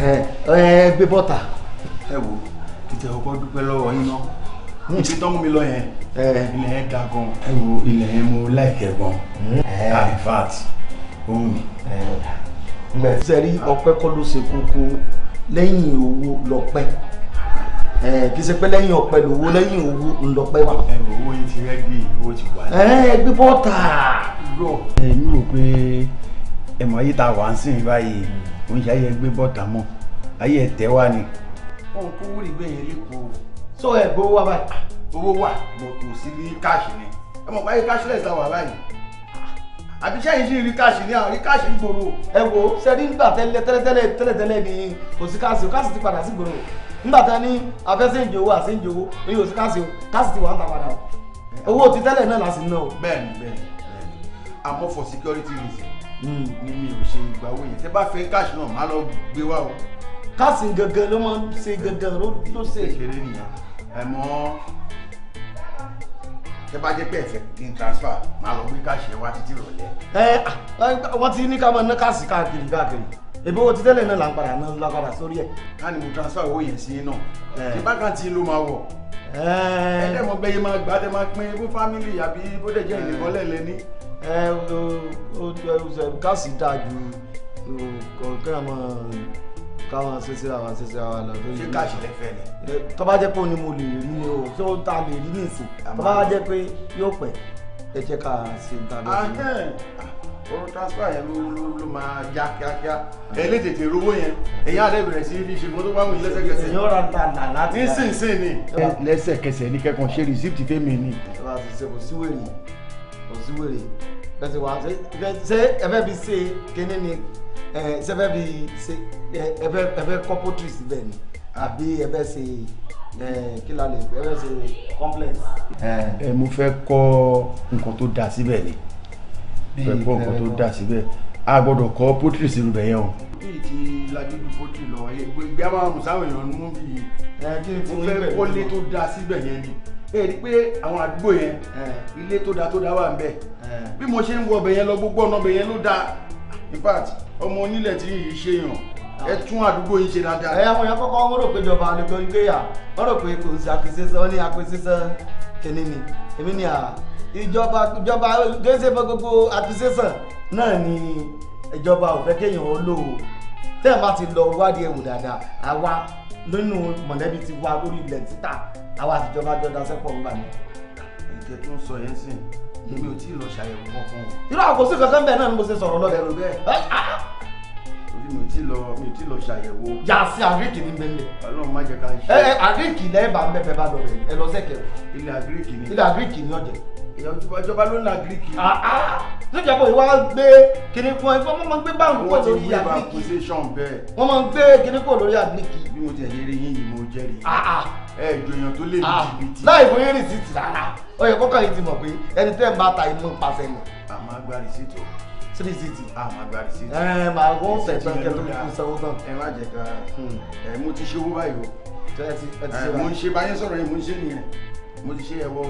ẹ ẹ gbé bọ́tà. ẹ wo ìtẹ̀ ọkọ dúpẹ́ lọ́wọ́ yín náà ní ti tán mú mi lọ yẹn ilẹ̀ yẹn ga gan ẹ wo ilẹ̀ yẹn mo láìkẹ́ gan hmm. ah, in fact ohun mi. ǹgbẹ́ sẹ́rí ọpẹ́ kọ́ ló ṣe kókó lẹ́yìn owó lọ́pẹ́ kì í ṣe pé lẹ́yìn ọpẹ́ lówó lẹ́yìn owó ńlọpẹ́ wà. ẹ wo owó yín ti rẹ́gbẹ̀ẹ́ owó ti wà. ẹ gbé bọ́tà. ẹ mi rò pé ẹ mọ̀ ayé tá a wà ń sìn báyìí kò ń ṣe ayé gbé bọ́tà mọ́ ayé ẹ̀tẹ́ wá ni. ohun kó wúrí gbé yẹn lẹ́kọ̀ọ́ sọ ẹ̀ gbowó wá báyìí. Ah, owó wà bọ̀ kò sí ní káàṣì ni ẹ mọ̀ báyìí cashless la wà báyìí àbí sẹ́yìn sí rí káàṣì ní àwọn rí káàṣì ń gbòòrò. ẹ wo sẹ́ni nígbà tẹ́lẹ̀ tẹ́lẹ̀ tẹ́lẹ̀ tẹ́lẹ̀ ni kò sí káàṣì o káàṣì ti padà sí gbòòrò nígbà tá ní afẹ́sẹ̀ ìjòwò àṣẹ ìjòwò ní kò sí káàṣì o káàṣì ti wà ń padà o owó ti tẹ́lẹ̀ náà la ná o. bẹ́ẹ̀ni bẹ́ẹ̀ni àmọ́ for security reason ni mi ò ṣe ìgbà owó yẹn tẹ bá fẹ́ káàṣì náà má lọ gbé wá o. káàsì gangan ló máa ń ṣe gangan ló ṣe. kékeré nìyẹn ẹ tẹ bá jẹ pé ẹfẹ kí n transfer máa lọ gbé káàṣì wá títí ìrọ̀lẹ́. ẹ wọ́n ti ní ká máa ná káàsì káàkiri káàkiri ebi owó ti náà là ń padà náà la padà sórí ẹ̀. ká ní mo transfer owó yẹn sí iná tí bákàntì ló máa wọ̀ ẹ̀ẹ́dẹ̀mọ̀gbẹ́yẹ máa gbà á tẹ́ máa pín bó fámìlì àbí bó dẹ̀ jẹ́ ìnìkan lẹ́lẹ́ ẹ káàsì dáa ju kọ́ńkẹ́ àmọ́ káwọn ṣẹṣẹra wa ṣẹṣẹra wa lọ. ṣé káàsì lè fẹ́ ni. tó bá jẹ́ pé òun ni mo lè rí ni o ṣé òun ta lè rí nìsín tó bá jẹ́ pé yóò pẹ́ ẹ jẹ́ ká ṣe ń ta lọ. owó transfer yẹn ló máa já kíákíá ẹ lè tètè rówó yẹn ẹ̀yìn àdé bẹ̀rẹ̀ sí fi ṣùgbọ́n tó bá wù yín ọ̀rọ̀ ta nà láti. nísinsìnyí. lẹ́sẹ̀kẹsẹ̀ ní kẹ́kọ̀ọ́ ṣe rìsíìtì fẹ́mi ni. ẹ bá ti ṣe kò síwèé yìí sí wèrè bẹ́sẹ̀ wá ṣé ẹ se fi ṣe kínní ni ṣé ẹ fẹ́ fi ṣe ẹ fẹ́ kọ́ poultry síbẹ̀ ni àbí ẹ fẹ́ ṣe kí la lè ẹ fẹ́ ṣe complex. ẹ mo fẹ́ kọ́ nǹkan tó dáa síbẹ̀ ni fẹ́ kọ́ nǹkan tó dáa síbẹ̀ a gbọ́dọ̀ kọ́ poultry sínú bẹ̀ o bíi ti lajúdú kóòtù lọ ìgbà máa mú sáwọn èèyàn mo fẹ́ kọ́lé tó dáa síbẹ̀ yẹn ni ẹ rí pé àwọn àdúgbò yẹn ilé tó dáa tó dáa wà ń bẹ bí mo ṣe ń wọ ọbẹ̀ yẹn lọ gbogbo ọ̀nà ọbẹ̀ yẹn ló dáa in fact ọmọ onílẹ̀ tí yìí ṣe yàn ẹ ah. tún àdúgbò yìí ṣe dáadáa. ẹ àwọn yẹn kọ́kọ́ wọ́n rò pé ìjọba àlejò ìgbéyà wọ́n rò pé kò sí àpèsísẹ́ wọ́n ní àpèsísẹ́ kìnìún ni èmi ni à ìjọba ìjọba gẹ́sẹ̀ fún gbogbo àpèsísẹ́ náà ni ìjọba ò fẹ́ kéèyàn ó lò ó tẹ́ẹ̀ bá ti lọ wádìí ẹ̀wò dáadáa àwa nínú mọ̀lẹ́bí ti wá lórí ilẹ̀ títà táwa àtijọba jọ daṣẹ́pọ̀ ń bà mí. ìjẹ́ tó ń sọ yẹn sìn èmi ò tí ì lọ ṣàyẹ̀wò kankan o. irú àkóso kankan bẹ́ẹ̀ náà ni mo ṣe sọ̀rọ̀ lọ́dẹ. ẹ̀rù bẹ́ẹ̀ torí mi ò tí ì lọ mi ò tí ì lọ ṣàyẹ̀wò. yàtí àgíríkì ní bẹ́ẹ̀ bẹ́ẹ̀. ọlọ́run má jẹ́ ká ṣe. ẹ àgíríkì lẹ́ẹ̀ bá ń bẹ́ẹ̀ bá lọ rẹ̀ ẹ lọ sẹ́kẹ̀. ilé àgíríkì ni. ilé àgíríkì ni ọ̀jẹ̀. ìjọba ló ń la àgíríkì. tó jẹ́ pé ìwà gbé kíní fún ẹ wọ́n máa ń gbé báńkù pọ̀ lórí àgíríkì. wọ́n ti gbé ẹ̀jọ̀ èèyàn tó lè ní ah, jìbìtì. láì fún yín rìsíìtì rárá ó yẹ kọ́kọ́ yìí ti mọ̀ pé ẹni tẹ́ ẹ̀ bá ta ìmọ̀ pàṣẹ nù. àmọ́ gba rìsíìtì o. rìsíìtì. àmọ́ gba rìsíìtì. ẹ ẹ màá wọ́n sẹ̀ tán kẹ́ tó sanwó tán. ẹ má jẹ ká hmm. ẹ mo ti ṣe owó báyìí o. ẹ mo ń ṣe báyẹn sọ̀rọ̀ yẹn mo ń ṣe nìyẹn mo ti ṣe ẹwọ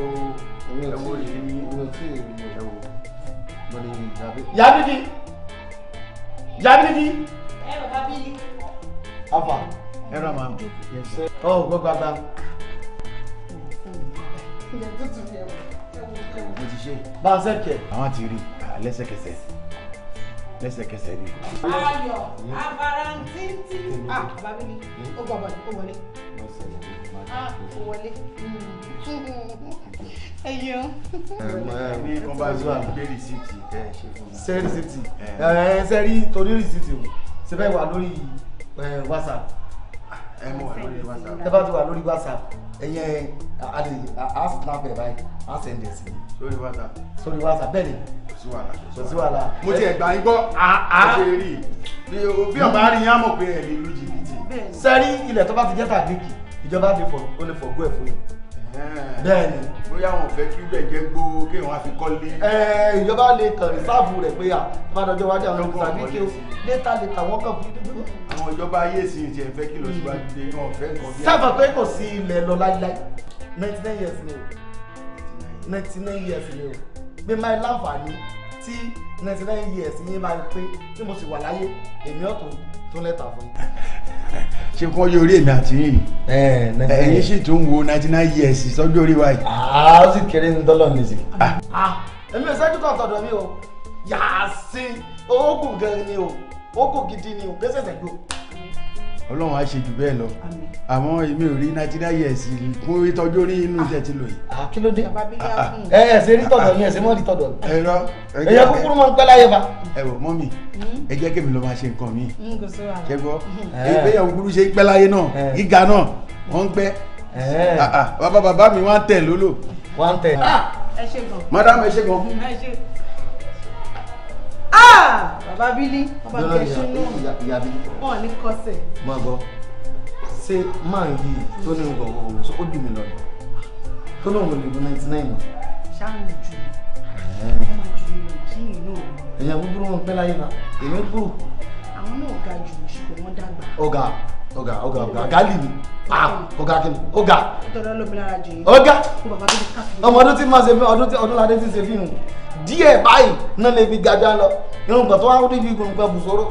ẹwọ rẹ ní owó tí ẹ rà máa ọ gbọ́ bàbá. mo ti ṣe bá a sẹ́kẹ̀. àwọn ti rí lẹ́sẹ̀kẹsẹ̀ lẹ́sẹ̀kẹsẹ̀ ni. ayọ̀ abarantinti ah bàbá mi ó gbọ́ bọ̀ ó wọlé ah ó wọlé ẹyọ. ní kan bá zuwa gbé rìsíìtì ẹ ṣe fún mi. ṣe rìsíìtì ẹ ṣe rí torí rìsíìtì o ṣe fẹ́ wà lórí WhatsApp ẹ mọ wà lórí whatsapp tẹ bá ti wà lórí whatsapp ẹyẹ àdè á snap ẹ báyìí á send ẹ sí i. whatsapp. sórí whatsapp bẹ́ẹ̀ ni. kò sí wàhálà kò sí wàhálà. mo ti ẹ̀gbà yín gbọ́ àá ṣe rí i bí ọba rí yín á mọ̀ pé ẹ̀ lè lu jìbìtì. sẹ́rí ilẹ̀ tó bá ti jẹ́ tàbí kì ìjọba ti fọ̀ ó lè fọ̀ gbọ́ ẹ̀ fún yín. bẹ́ẹ̀ ni bóyá wọn fẹ́ kí bẹ́ẹ̀ jẹ́ gbó kí wọ́n á fi kọ́lé. ẹ ìjọba lè kàn rísáàbù rẹ̀ pé à ìbádọ́jọ́ wájú àwọn ọmọ tàbí kí o létà lè tà wọ́n kàn fún un. àwọn ìjọba ayé sì ń tiẹ̀ fẹ́ kí lọ síwájú dé wọn fẹ́ nǹkan bí. sábà pé kò sí ilẹ̀ lọ láíláí ninety nine years ni o ninety nine years ni o bí máa láǹfààní tí ninety nine years yín máa pé tí mo sì wà láyé èmi ọ̀tún tó lẹ́tà fún yín. ṣé kọ́ yóò rí èmi àti yìnyín ẹ̀yin sì tún wo ninety nine years sọ́jọ́ orí wa yìí. àá ah, ó sì kéré ní dọ́là ní ìsìn. Ah. Ah, èmi ò sẹ́jú kan tọ̀dọ̀ mi o yàá sí okùn gan ni o okùn gidi ni o gbèsè sẹ́jú o ọlọ́run á ṣe jù bẹ́ẹ̀ lọ àmọ́ èmi ò rí nàìjíríà yẹ̀ sí kún ìtọ́jú orí inú iṣẹ́ ti lò yìí. Ah, kí ló dé ẹ ẹ ṣe rí tọ̀dọ̀ yẹn ṣe mọ́ rí tọ̀dọ̀. ẹ lọ ẹ jẹ́ kúkúrú mọ́ ń pẹ́ láyé ba. ẹ wò mọ́mì hmm? ẹ jẹ́ kémi lọ́ọ́ máa ṣe nǹkan mi. Hmm, ṣe gbọ́ hmm. ìgbéyàwó kúkúrú ṣe pẹ́ láyé náà eh. gíga náà wọ́n ń pẹ́. Eh. Ah, ah, bàbá bàbá mi wá ń tẹ̀ lólò. wá ń tẹ̀. Ah! bàbá bílí bàbá kẹsùn náà ìyá bílí wọn ní kọsẹ̀. mo gbọ́ ṣé máa ń yí tó ní gbọ̀ngàn òun tó jù mí lọ ni tó lóun lè bu ninety nine. ṣáàlù jù ọmọ jù mí lọ sí ìlú òun. èèyàn búburú wọn pẹ́ láyé náà èmi gbò. àwọn náà ga jù ṣùgbọ́n wọ́n dàgbà. ọ̀gá ọ̀gá ọ̀gá ọ̀gá ọ̀gá lì mí ọ̀gá kí ni ọ̀gá. ìtọ́jú ló bẹ̀rẹ̀ àjò yìí. ọ̀gá ọmọ ọdún tí máa ṣe ọdún tí ọdúnládé ti ṣe fíìmù díẹ̀ báyìí náà lè fi gajá lọ irun gbọ̀n tó wá rí bí gbọ̀ngbà bùsọ̀rọ̀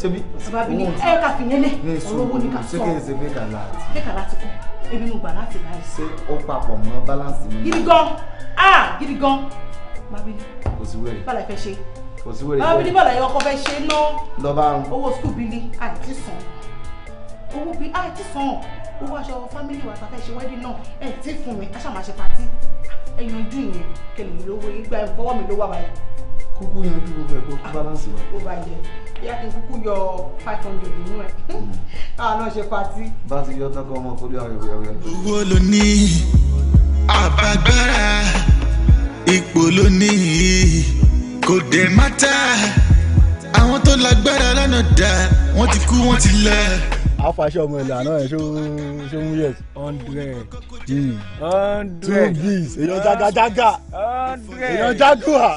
ṣebí. bàbá mi ní ẹ ká fi yẹn lẹ olówó ní ká sọ ṣé kí n ṣe fẹ́ kàlá àti. fẹ́ kàlá ti kú ebi ló gbà láti bá yìí. ṣé ó papọ̀ mọ́ báláǹsì mi. gidi gan ah gidi gan bàbá mi. kò sí wẹ̀rẹ̀. bàlá ìfẹ́ ṣe. kò sí wẹ̀rẹ̀. bàbá mi ní bàlá ìyọkọ fẹ́ ṣe ná. owó skul bíi àìtí sàn owó bíi á ah, ti sàn owó aṣọ fámílì wa tàbí ẹṣẹ wẹ́dí náà ẹ ti fún mi aṣáà máa ṣe pàtí ah, ẹyin ojú ìyẹn kẹlẹ̀ mi lówó yìí gba ẹ̀kọ́ mi ló wà kúkú yanjú gbogbo ẹ̀kọ́ kí balance wa. Ah, ó bàjẹ́ ìyá kí n kúkú yọ five hundred nínú ẹ̀ mm. káà náà ṣe pàtí. bá a ti yọ tán kọ́ ọmọ kó lè ayọ̀ yọ̀ yọ̀. owó ló ní àbágbára ipò ló ní kò dé mátà àwọn tó lágbára lánàá dá wọ́n ti kú wọ́n ti lọ. How àfàṣọ ọmọ ìlànà ẹ̀ ṣó ṣó mú yẹs. hundred two bees èèyàn jagajaga èèyàn jaguar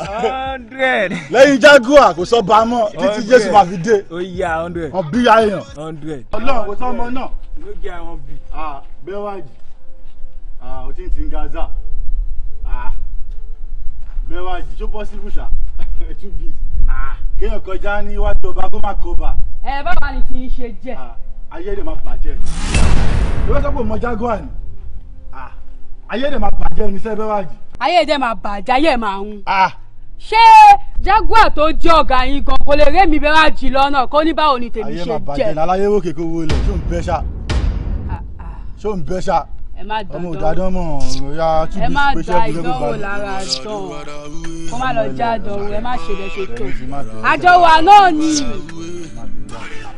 lẹ́yìn jaguar kò sọ bá mọ́ títí jésù máa fi dé ọ̀bí ayọ̀ ọlọ́run kò sọ ọmọ náà. ló jẹ́ àwọn bì. bẹ́ẹ̀ wájú o ti ń ti ń gaza bẹ́ẹ̀ wájú tó bọ́ sí ibùsà two bees kéèyàn kọjá níwájú ọba kó má kó ba. ẹ báwa ni kì í ṣe jẹ ayé rẹ̀ máa bàjẹ́ ni ìwé sọ́kò mọ jaguar ni ayé rẹ̀ máa bàjẹ́ ni sẹ́fẹ́ wájì. ayé rẹ̀ máa bàjẹ́ ayé máa ń. ṣé jaguar tó jẹ́ ọ̀gá yín gan kò lè rémi bẹ́ẹ̀ wá jì lọ́nà kó ní báwo ni tèmi ṣe jẹ́. ayé máa bàjẹ́ ní aláyéwò kékeré owó ilẹ̀ ṣó ń bẹ́ ṣá ṣó ń bẹ́ ṣá ọmọ òdàdán mọ̀ ọ̀yà túbí pẹ́ṣẹ́ bí lẹ́gbẹ̀ẹ́ bá mi. ẹ má da ìdánwò lára dán kó má lọ já dán ẹ má ṣe bẹ́ẹ̀ ṣe tó àjọwà náà ni.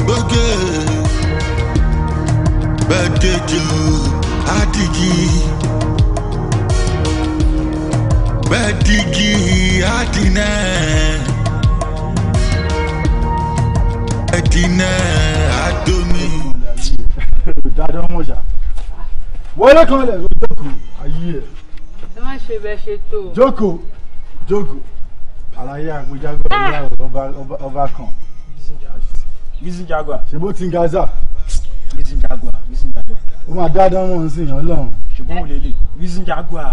gbóge gbẹdẹjọ adigi gbẹdigi adinẹ ẹdinẹ adomi. olùdájọ́ mọ̀ṣá wọlé kan lẹ̀ ló jókòó ayé ẹ̀. ẹ má ṣe bẹ́ẹ̀ ṣe tó. jókòó jókòó àlàyé àgbéjágbé ọba kan. Gizin Jaguar. Ṣé bó ti ń Gaza? Gizin Jaguar. Gizin jagua. Ó máa dá dán wọn sí ìyàn lọ́run. Ṣùgbọ́n mo lè lè. Gizin Jaguar.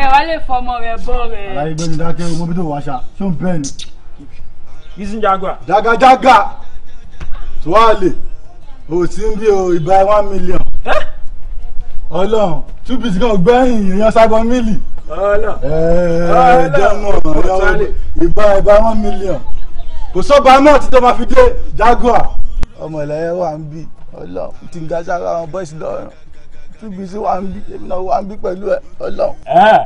Ẹ wá lè fọmọ rẹ bọ́ rẹ. Àlàyé gbẹ́ni dákẹ́ owó bí tó wá ṣá. Ṣé ń bẹ́ẹ̀ ni? Gizin Jaguar. Jagajaga. Tó wá lè. O ti ń bí o ìbá one million. Ọlọ́run two bits kan gbẹ́yìn èèyàn sábọn mílì. Ọlọ́run. Ẹ̀ẹ́dẹ́mọ̀ ìbá ìbá one million kò sọ́ba náà tí tó máa fi dé jaguar. ọmọ ìlẹ́yẹ wà ń bí ọlọ́run tí ń ga sára àwọn bọ́ìsì lọ́rùn túbí sí wà ń bí èmi náà wà ń bí pẹ̀lú ẹ ọlọ́run. ẹ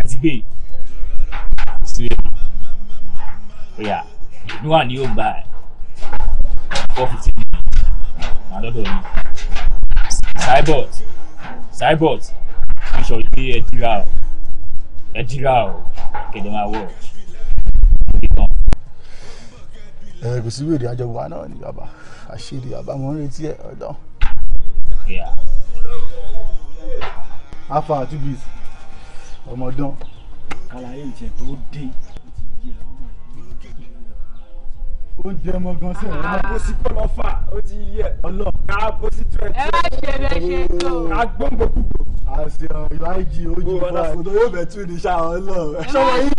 ẹ ti gbé ìsúwé ọyà èmi wà ní yóò gba ẹ four fifty nine màá lọ́dọ̀ mi cybot cybot fi sọ pé ẹ dira o ẹ dira o kẹ̀dẹ̀ máa wọ̀ ọ́ ẹ eh, kò sí wèrè àjọwà náà ni bàbá àṣírí bàbá mo ń retí ẹ ọdọ. afa atubis ọmọdán. kàlàyé ìjẹ tó dé oúnjẹ ọmọ gan sí ọ̀rọ̀ náà. àbòsí kọ́ lọ fà ó ti yẹ ọlọ́ọ̀ ká àbòsí tó tó. ẹ má ṣe bẹ ṣe tó. ká gbọ́ngbò gbogbo. àṣẹ ọ̀yọ́ àìjì ojú ọ̀la fòtò yóò bẹ̀ tún ní ṣá ọlọ́ọ̀. ẹ ṣọwọ́ yín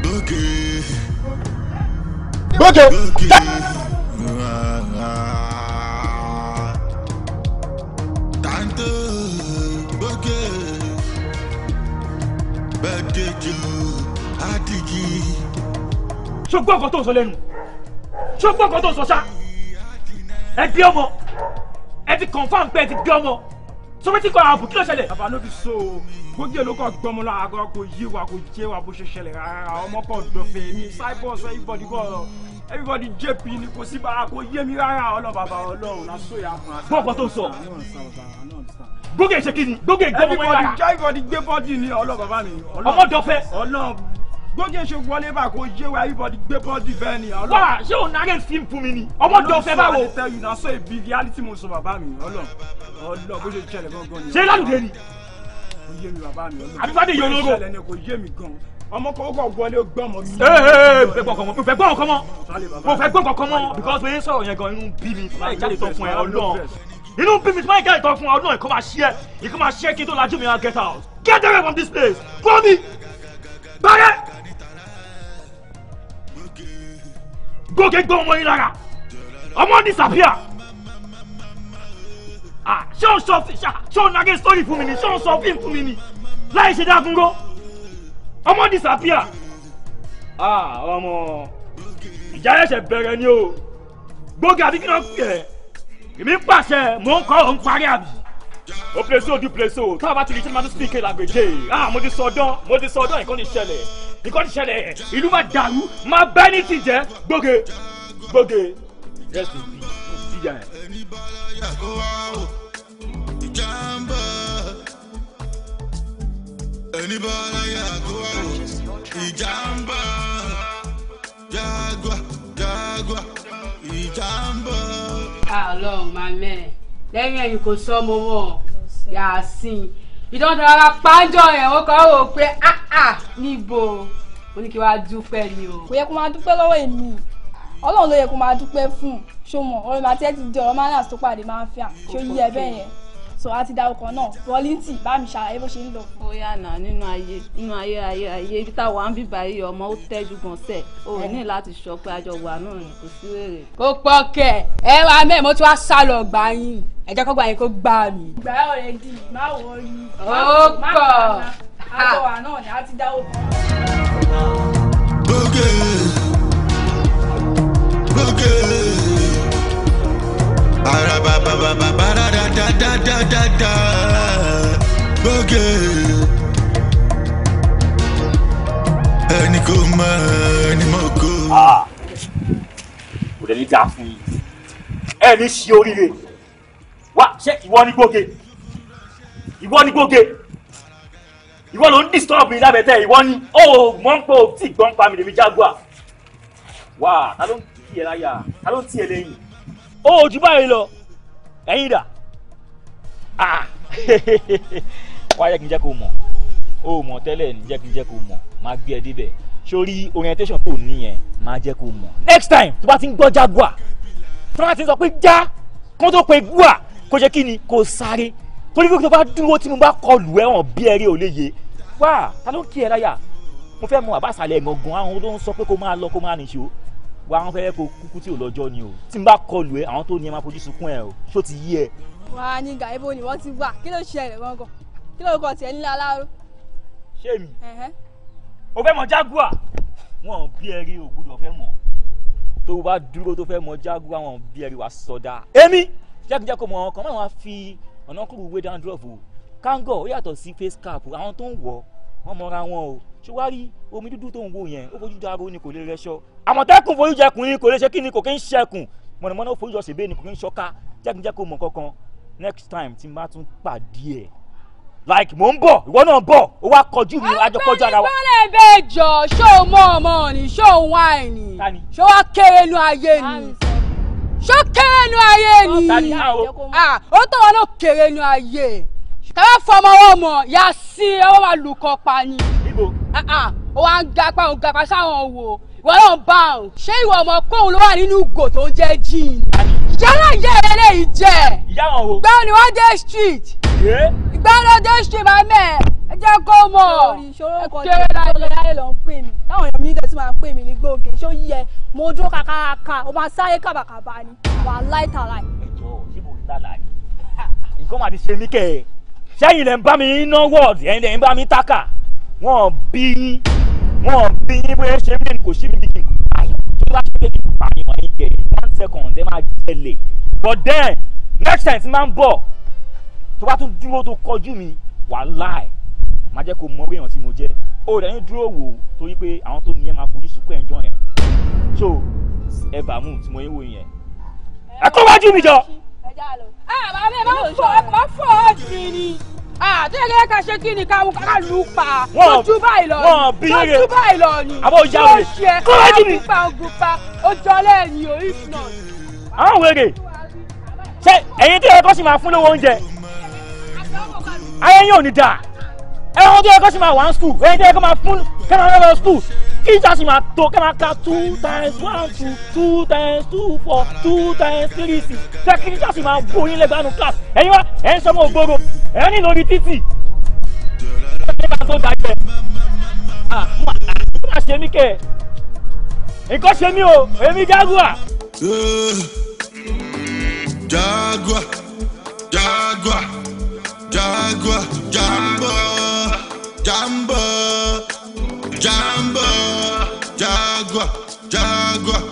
ló Okay. ṣùgbọ́n ọkọ̀ tó ń sọ lẹ́nu ṣùgbọ́n ọkọ̀ tó ń sọ ṣá ti confam pé ẹ ti bí so wetin kọ àbò kí ló ṣẹlẹ̀. bàbá ló fi so o gbógi èlò kan gbọmọ lọ àgọ kò yé wa kò jẹ wa bó ṣe ṣẹlẹ̀ rárá ọmọ kan dọfẹ mi cyborg everybody bọ everybody jp ni kò sí bàrà kò yé mi rárá ọlọ bàbá Ọlọ́run la so fún wa. gbọ́ tó sọ gbógi èsèkì ni gbógi ègbọ́mọ wọn yàrá. everybody everybody gbé bọ́dì ni ọlọ bàbá mi. ọmọ dọfẹ. ọlọ́run gbójú ṣe wọlé bá kó yé wa everybody gbé bọ́ọ̀dì bẹ́ẹ̀ ni ọlọ. wá ṣé o nàárẹ̀ fíìmù fún mi ni ọmọ jọ fẹ́ báwo. ọlọ́run sọ àdìtẹ́ yìí náà sọ èbí reality mo sọ bàbá mi ọlọ ọlọ bó ṣe ṣẹlẹ̀ gangan ni. ṣé lálùdẹ ni. kò yé mi bàbá mi ọlọ. àbí fàdé yòlóró. kò ṣẹlẹ̀ ni kò yé mi gan ọmọ kọ́kọ́ wọlé ó gbọ́mọ mi. ee mo fẹ́ gbọ́ ọkọ mọ́ mo fẹ́ gbọ́ ọkọ mọ́ because oye sọ̀rọ̀ yẹn gan inú bí mi láì jáde tó fún ẹ ọlọ́run inú bí mi tí máa ìkọ́ máa ṣí ìkọ́ máa ṣí kí n tó lajú mi á get out get away from this place kọ́ mi bàrẹ́. Go get ọmọ money, lára ọmọ disappear ah, ṣé ò sọ ṣé ò nàgé story fún mi ni ṣé ò sọ fíìmù fún mi ni láì ṣe go? ọmọ disappear ah, ọmọ ìjà ẹ̀ṣẹ̀ bẹ̀rẹ̀ ni o gbógi àbí kí ló ń pè é èmi ń pàṣẹ mò ń kọ́ òun parí àbí o pleso o di pleso tá a bá ti rí ṣe máa tún sí ike làgbèjè ah mo ti sọdán mo ti sọdán nǹkan ti ṣẹlẹ̀ nǹkan ti ṣẹlẹ̀ ẹ̀ ìlú máa dàrú máa bẹ́ ní ti jẹ́ gbòge gbòge rest in ẹ̀. ẹni bá láyà wá o ìjàmbá jágua jágua ìjàmbá. àlọ́ ah, màmẹ́ lẹ́yìn ẹ̀yìn kò sọ́mọ́wọ́ yàá sìn ìdánwò ara pàjọ ẹ̀ ó kọ́ rò pé áà ah, ah, níbo ó ní kí wàá dúpẹ́ ni o. kò yẹ kó máa dúpẹ́ lọ́wọ́ èmi ọlọ́run ló yẹ kó máa dúpẹ́ fún ṣó mọ̀ ọ̀rọ̀ màtí ẹ ti di ọ̀rọ̀ máa ń rà tó pàdé máa ń fi hàn ṣó yí ẹ bẹ́ẹ̀ yẹn so a ti dárúkọ náà wọlíntì bá mi ṣàlàyé bó ṣe ń lọ. ó yà nà nínú ayé nínú ayé ayé ayé ibi tá a wà ń bíbá yìí ọmọ ó tẹ́jú gan sẹ̀ o ní láti sọ pé àjọ wà náà ni kò sí wèrè. kó pọ̀ kẹ̀ ẹ wá mẹ́ẹ̀ mo ti wá sálọ gbà yín ẹ jẹ́ gbà yín kó gbà mí. ìgbà ọ̀rẹ́ di má wọ i. ó pọ̀ àjọ wà náà ni a ti dáwọ́ Barababababadadadadadada gbóge. Ẹni kò mọ ẹni mọ̀ kó. Ah. ṣe oríire. Wá ṣé ìwọ ni gbóge? Ìwọ ni gbóge? Ìwọ ló ń disturb mi lábẹ́tẹ̀ ìwọ ni. Ó mọ̀ ń pọ̀ tí gbọ́n pa mi lèmi jágbá. Wá ta ló ń kí láyà? Ta ló ń tì lẹ́yìn? ó jù báyìí lọ ẹ̀yin dà wá yẹ kí n jẹ́ kó mọ̀ ó mọ̀ tẹ́lẹ̀ ní jẹ́ kí n jẹ́ kó mọ̀ máa gbé ẹ débẹ̀ sórí orientation tó níyẹn máa jẹ́ kó mọ̀ next time tó bá ti ń gbọ́ jaguar tó bá ti ń sọ pé já kó tó pe gua kó jẹ́ kí ni kó sáré torí pé tó bá dúró tí mo bá kọlù ẹ̀ hàn bí ẹrí ò lè yé wá ta ló ń kí ẹ láyà mo fẹ́ mọ àbáṣálẹ̀ gangan àwọn tó ń sọ pé kó máa lọ kó máa nìṣó wa àwọn fẹ́ẹ́ kó kúkú tí ò lọ́jọ́ ni o tí n bá kọlù ẹ àwọn tó ní ẹ máa fojú sunkún ẹ o ṣó ti yí ẹ. wà á ní gàíbo ni wọ́n ti gbà kí ló ṣe ẹ̀rẹ̀ gangan kí ló kọ tiẹ̀ nílẹ̀ aláró. ṣé mi o fẹ́ mọ jágùá wọn ò bí ẹrí o gbọ́dọ̀ fẹ́ mọ̀ tó o bá dúró tó fẹ́ mọ jágùá wọn ò bí ẹrí wa sọdá. èmi jẹ́kijẹ́ kò mọ ọkàn máa wá fi ọ̀nà kúrú wé dandruff o kángọ̀ ó yàtọ̀ sí face cap àwọn tó ń wọ̀ wọ́n mọra wọn o ṣùwárí omi dúdú tó ń wo yẹn ó fojú dáró ni kò lè rẹṣọ àmọ̀tẹ́kùn fojú ni kò lè ṣe kí ni kò kí ń ṣẹkùn mọ̀nàmọ́ná ó fojú ọ̀sẹ̀ ni kò kí ń ṣọ́ká jẹ́kíjẹ́ kó mọ̀ kankan next time tí n bá tún pàdé ẹ̀ like mò ń bọ̀ ìwọ náà bọ̀ ó wá kọjú mi àjọ kọjú ara wa. ọ̀pẹ̀lẹ̀ bẹ́ẹ̀ jọ ṣó o ọmọ ni ṣó wá ẹ̀ ṣó wá kéré nu ayé ni ṣó kéré nu ayé ni ah, ó tọ̀ náà kéré nu ayé tẹ́wọ́ fọmọ ọwọ́ mọ̀ yà sí ọwọ́ máa lù kọ́ pa ni. níbo. Ah, ah, ó wá ń gapá òun gapá sáwọn wo ìwọ náà bá òun ṣé ìwọ ọmọ kóun ló wà nínú ìgò tó ń jẹ jíìn. ìyá náà jẹ́ eléyìí ìyá wọn wo. gbẹ́wò ni wọ́n dé street. gbẹ́wò ló dé street máa mẹ́ ẹ jẹ́ kó mọ̀. ìṣòro kan tó ń lọ láyé lọ ń pè mí táwọn èèyàn mi ń tẹ̀sí máa pè mí ní gbòógè ṣó yẹ mo dúró kàkàràkà ó máa sáré kàbàkàbà ni wàá láìtàláì. ẹjọ ṣé mo rí lálàá yìí nǹkan máa ti ṣe mí kẹ́ sẹ́yìn lẹ́ ń bá mi iná wọ́ọ̀d ẹ̀yin lẹ́ ń bá mi tákà wọ́n bí yín wọ́n bí yín bóyá ṣe mí kò sí mi bí kí n tó bá ṣe pé pààyàn wọ́n kẹ̀ one second ẹ máa jẹlẹ̀ but then next time ti máa ń bọ̀ tó bá tún dúró tó kọjú mi wàláì máa jẹ́ kó mọ bí èèyàn tí mo jẹ́ ó rẹ̀ ń dúró wò ó torí pé àwọn tó nìyẹn máa fojú sunkún ẹ̀jọ̀ yẹn so ẹ bàmú tí mo yín wò yẹn ẹ kó wájú mi jọ. Ah, àbábẹ́ máa fọ máa fọ ọ́ jì ni àtẹ̀lẹ́ ah, ká ṣe kí ni ká lù pa lójú báyìí lọ ni lójú báyìí lọ ni àbọ̀ ìyá rẹ̀ kọ́ ẹ jì ni. ó ṣe àgùnpa ojú ọlẹ́yìn o if not. àwọn wèrè ṣe ẹ̀yin tí ẹ kọ́ sí máa fún lówó oúnjẹ ayẹyẹ ò ní dáa ẹ̀rọ tí ẹ kọ́ sí máa wà ní skul ẹ̀yin tí ẹ kọ́ máa fún kẹ́nà lọ́wọ́ skul each as you ma to kẹ́ ma ka two times one two two times two four two times three six fẹ́ kí each as you ma bo yín lẹ́gbẹ̀ẹ́ nu class ẹ̀yin wa ẹ̀ ń sọmọ ògbóró ẹ̀ ń ní lórí títì ẹ̀ ń sọ dàgbẹ́ ah má ṣe mí kẹ́ nǹkan ṣe mí o èmi jaguar. jaguar jaguar jaguar jambo jambo jambo. Jaguar Jaguar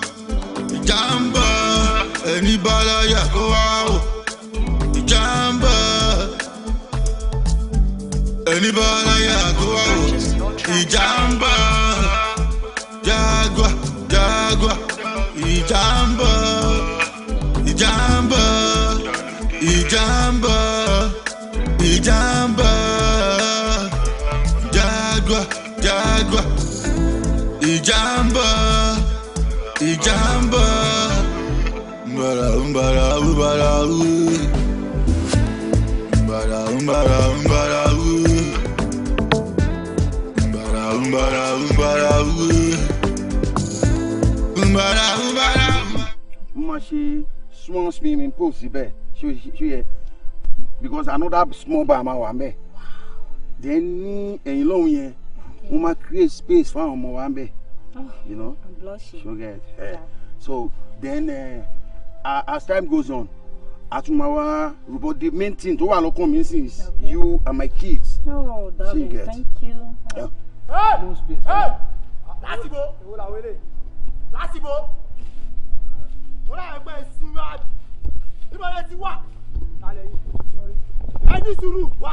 ìjàmbá ẹni bálayà kó wá wò ìjàmbá ẹni bálayà kó wá wò ìjàmbá Jaguar Jaguar ìjàmbá ìjàmbá ìjàmbá ìjàmbá. ìjà ń bọ̀. Mbàrà mbàrà mbàrà wú. Mbàrà mbàrà mbàrà wú. Mbàrà mbàrà mbàrà wú. Mbàrà mbàrà. Mo máa ṣe small swimming pool síbẹ̀ ṣó yẹ because another small bar máa wà mẹ́. Then ní ẹ̀yìn lọ́hùn yẹn, mo máa create space fún àwọn ọmọ wa ń bẹ̀. Oh, you know. I'm blushing. You get. Uh, yeah. So then, uh, uh, as time goes on, Atumawa, but the main thing to our local means is okay. you and my kids. No, darling, so thank you. Yeah. Hey! No space. Hey! Lásìbò! Èwo làwọn eré? Lásìbò! Wọ́n láwọn ẹgbẹ́ ìsinmi wa. Ibà lẹ ti wà. Lálẹ́ yìí. Ẹ ní sùúrù wà.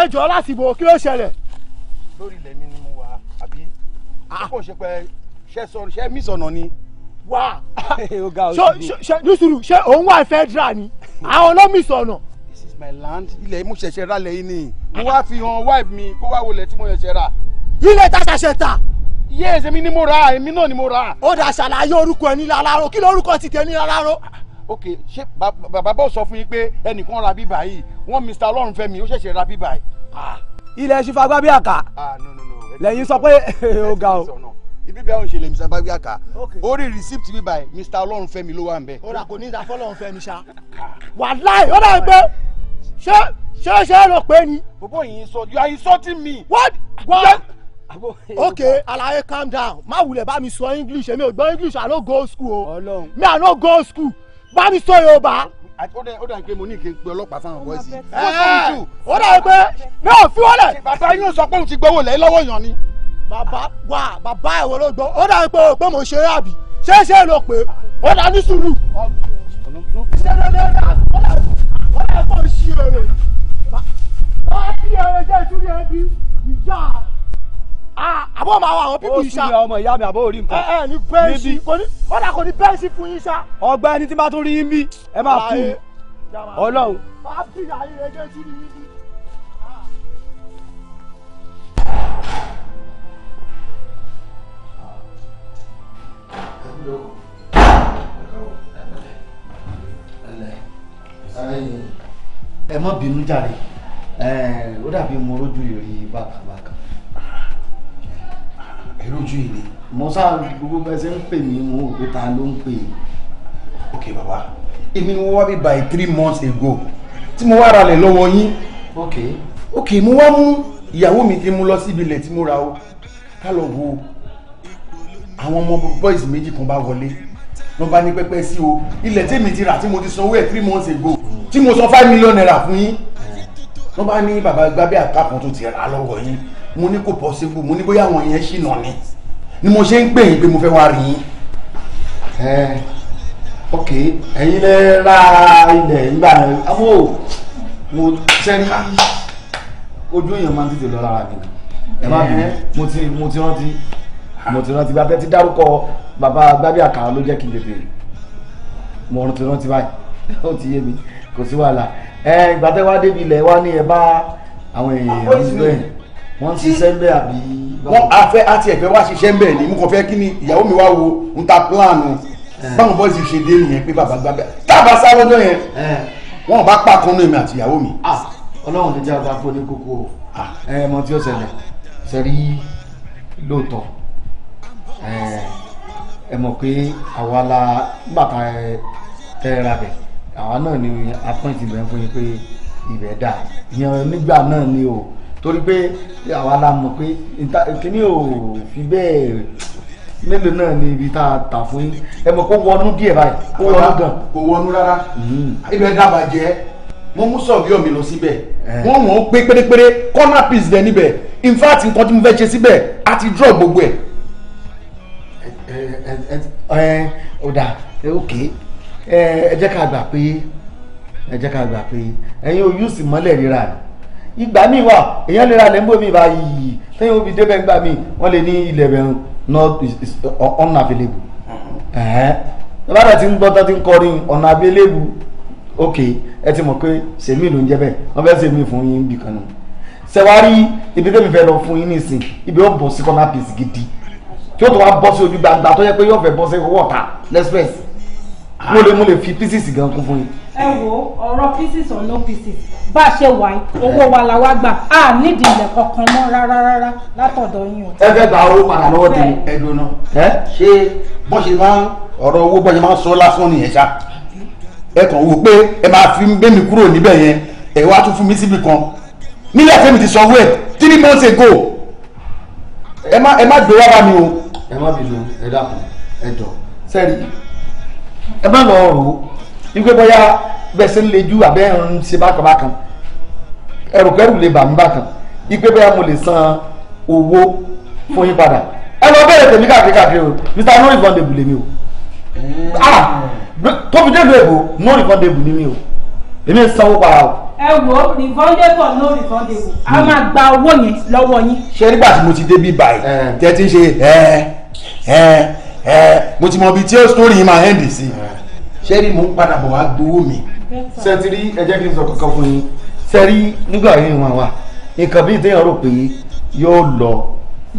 Ẹ jọ̀ọ́ Lásìbò kí ló ṣẹlẹ̀? Lórí ilẹ̀ mi ni mo wà, àbí? Ah. Kò ṣe pẹ́ ṣe sọnù ṣe mí sọnà ni. wá lùsùrù ṣé òun wà federal ni àwọn ọlọ́mì sọnà. this is my land ilẹ̀ mú ṣẹ̀ṣẹ̀ ra lẹ́yìn ni mo wá fi hàn wife mi kó wá wọlé tí mo ṣẹ̀ṣẹ̀ rà. ilé ta ṣẹ̀ṣẹ̀ ta. yes èmi ni mo ra èmi náà ni mo ra. ó dà ṣàlàyé orúkọ ẹni láláró kí lórúkọ ti tẹ ní láláró ok ṣé bàbá bò sọ fún yín pé ẹnìkan ra bíbà yìí wọn mr ọlọ́runfẹ́mi ó ṣẹ̀ṣẹ̀ ra bíbà yìí. Ah. ilẹ̀ ṣífagbá bí ah, lẹ́yìn sọ pé ó ga o ibi bẹ́ẹ̀ òun ṣẹlẹ̀ mr babiaka orí receipt bíbá ẹ̀ mr ọlọ́runfẹ́mi ló wà ń bẹ̀. ó rà kò ní ìdáfọ́ ọlọ́runfẹ́mi ṣá. wàláì ó dà gbé ṣé ṣé ṣé ló pé ni. bùbọ́ yìí sọ you are insulting me. what what okay alaye calm down má wulẹ̀ bá mi sọ english èmi ò gbọ́ english i no go school o me i no go school bá mi sọ yorùbá ó dà ó dà pé mo ní kí n pe ọlọ́pàá fáwọn bọ́ọ̀sì. ó eh, dà pé mi ò fi wọlé. bàbá yín sọ pé òun ti gbowó lẹ́yìn lọ́wọ́ yàn ni bàbá wà bàbá ẹ̀ wọ́n ló gbọ́ ó dà pé òpó mo ṣeré àbí ṣé ṣé ló pé ó dà ní sùúrù. ṣé ló lè rà ó lè kó ṣí èrè ó ṣí èrè jẹ́ ìtúrí ẹbí ìyá àbọ̀ máa wọ àwọn pípù yìí ó sì ní ọmọ ìyá mi àbọ̀ orí nǹkan. ẹ ẹ ní bẹ́ẹ̀sì ó dà kò ní bẹ́ẹ̀sì fún yín ṣá. ọgbẹ́ni tí bá tún rí yín bí ẹ máa kú ọlọ́run. bá a ayé rẹ̀ jẹ́ ìtúrí yín bí. ẹ má bínú jàre ó dàbí mo rójú ìrì bákàbákà. ẹ rójú ìrì. mo sá gbogbo bẹ́ẹ̀ ṣe ń pè mí mo rò pé ta ló ń pè é. ok baba èmi ni mo wá bí by three months ago tí mo wá ralẹ̀ lọ́wọ́ yín. ok ok mo wá mú ìyàwó mi tí mo lọ síbi ilẹ̀ tí mo ra o ká lọ wo àwọn ọmọ boys méjì kan bá wọlé ló bá ní pẹ́pẹ́ sí o ilẹ̀ tèmi ti rà tí mo ti sanwó ẹ̀ three months ago tí mo san five million naira fún yín ló bá ní bàbá gbábẹ́ àká kan tó ti rà lọ́wọ́ yín mo ní kò possible mo ní bóyá àwọn yẹn ṣìnà ni ni mo ṣe ń pè yín pé mo fẹ́ wá rí yín. ẹ ok ẹ̀yin lẹ ra ilẹ̀ nígbà náà àmọ́ mo sẹ́ni ah, ojú èèyàn máa ń tètè lọ lára mi ẹ má bí mo ti rántí mo ti rántí bàbá ti dárúkọ bàbá gbábí àkàrà ló jẹ́ kí n lè béèrè mo rántí rántí báyìí ó ti yé mi kò sí wàhálà ẹ ìgbà tẹ́ wá débi ilẹ̀ wá ní ẹ bá àwọn èèyàn níbẹ̀ wọ́n ń ṣiṣẹ́ ń bẹ̀ àbí. wọ́n a fẹ́ àti ẹ̀fẹ́ wá ṣiṣẹ́ ń bẹ̀ ni mo kàn fẹ́ kí ni ìyàwó mi wá wo ń ta pílánù báwọn bọ́ọ̀sì ṣe dé nìyẹn pé bàbá gbábí tábà sáré ọjọ́ yẹn wọ́n bá pàkánú èmi àti ìyàwó mi. Ah, ọlọ́run ló jẹ́ ọba fún oníkókó ẹ mọ tí ó ṣẹlẹ̀ ṣẹlẹ̀ lóòótọ́ ẹ mọ̀ pé àwa la bàtà tẹ́ ra bẹ̀ àwa náà ni apọ́ǹtì bẹ̀ fún yín pé ibẹ̀ dà yan nígbà náà ni o torí pé àwa la mọ̀ pé kíní ò fi bẹ́ẹ̀ mélòó náà ni ibi tá a tà fún yín ẹ mọ̀ kó wọnú díẹ̀ báyìí kó wọnú gan. kò wọnú rárá hmm. ibẹ̀ dábàá jẹ́ wọ́n mú sọ̀bí ọ̀mí lọ síbẹ̀ eh. wọ́n mọ̀ ó pé pérépéré corner piece dẹ̀ níbẹ̀ in fact nǹkan tí mo fẹ́ ṣe síbẹ̀ á ti draw gbogbo ẹ̀ ẹ ọ̀dà òkè ẹ ká gbà pé ẹ ká gbà pé ẹ̀yin ò yúùsì mọ́lẹ̀ ríra ni ìgbà míì wà èèyàn lè ra lẹ́ńbó mi báyìí tẹ́yìn òbí débẹ̀ ńgbà míì wọ́n lè ní ilẹ̀ bẹ̀rù not uh, unavailable bàbá mm-hmm. tí ń gbọ́ tó ti ń kọrin ọ̀nà abẹ́lẹ́bù ok ẹ ti mọ̀ pé sèmi ló ń jẹ́ bẹ́ẹ̀ wọ́n fẹ́ sèmi fún yín bìkan nù sẹ́wárí ibi tẹ́mi fẹ́ lọ fún yín nísìn ibi ó bọ̀ sí kọ́nà pèsè gidi tí ó tó wá bọ́ sí ojú gbangba tó yẹ pé yóò fẹ́ bọ́ sí owó ọ̀tá lẹ́sìpẹ̀sì mo lè mo lè fi pieces gan kún fún yín. ẹ wo ọ̀rọ̀ pieces or no pieces bá a ṣe wà owó wa la wá gbà á nídìí ilẹ̀ kankan mọ́ rárá rárá látọ̀dọ̀ yín o. ẹ fẹ́ gba owó padà lọ́wọ́ tèmi ẹ̀dùn náà ṣé bọ́n ṣe máa ń ọ̀rọ̀ owó bọ́n ṣe máa ń sọ lásán nìyẹn ṣá ẹ kàn wò pé ẹ máa fi gbé mi kúrò níbẹ̀ yẹn ẹ wá tún fún mi síbì kan nílẹ̀ fẹ́mi ti sọ wẹ́ẹ̀ tí ni mo ẹ má ẹ má gbé wá bá mi o. ẹ má bínú ẹ dàpọ̀ ẹ jọ sẹ́ẹ̀rì ẹ má lọ rò ó wípé bóyá bẹ́ẹ̀ ṣe ń lejú àbẹ́ ń ṣe bákan bákan ẹrùkẹ́rù lè bà mí bákan wípé bóyá mo lè san owó fún yín padà ẹ lọ bẹ̀rẹ̀ tèmi káàkiri káàkiri o mr no refundable lèmi o ah tóbi dé lu èbò no refundable ni mi o èmi ń sanwó para o ẹ wo refundable no refundable a hmm. máa gba owó yẹn lọ́wọ́ yín. ṣé nígbà tí mo ti débi báyìí tẹ ti ṣe ẹ ẹ ẹ mo ti mọ ibi tí ó sórí máa hẹ́ndì sí ṣé ni mò ń padà bọ̀ wá gbowó mi. sẹ́ńtírí ẹ jẹ́ kí n sọ kankan fún yín sẹ́rí nígbà yìí wọn wà nǹkan bíi téèyàn rò pé yóò lọ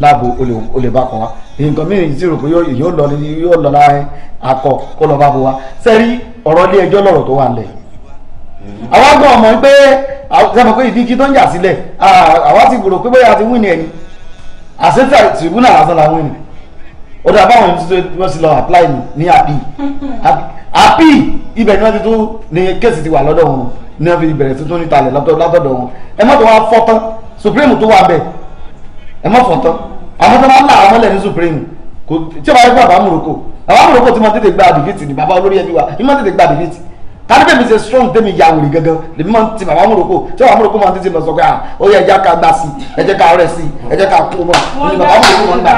láàbò olè bá kan wa nǹkan mìíràn tí rò pé yóò lọ lára akọ kó lọ bá bo wa sẹ́rí ọ̀rọ̀ ilé ẹjọ́ lọ̀rọ̀ tó wà nílẹ̀ àwa gan ọmọ pé sẹ́mi pé ìdíjí tó ń jà sílẹ̀ àwa ti gbòòrò pé bóyá a ti wí ni ẹni àṣetà tìrìbùnà lásán la wí ni ó dà báwọn ẹni tuntun wọ́n sì lọ apply ní àbí àbí ibẹ̀ ni wọ́n ti tún ní kéèsì ti wà lọ́dọ̀ wọn ní wọ́n fi bẹ̀rẹ̀ tuntun níta lẹ̀ látọ̀dọ̀ wọn ẹ mọ́tò wa fọ́ supreme tó wà bẹ́ẹ̀ ẹ mọ́ fọ́ tán àwọn tó máa ń là àwọn mọ́lẹ̀ ní supreme tí ó bá yẹ kó àbámúròkó àbámúròkó ti máa tètè gba àdìfìtì ni bàbá olórí ẹbí wa ni máa tètè gba àdìfìtì tàbí mi ṣe strong tẹ́mi ya wòlé gangan lèmi máa ti bàbá amúròkó tí bàbá amúròkó máa tètè mọ̀ sọ pé à ah, ó yẹ ẹja ká gbà sí ẹjẹ ká rẹ̀ sí ẹjẹ ká kú mọ́ ní bàbá amúròkó wọn gbà.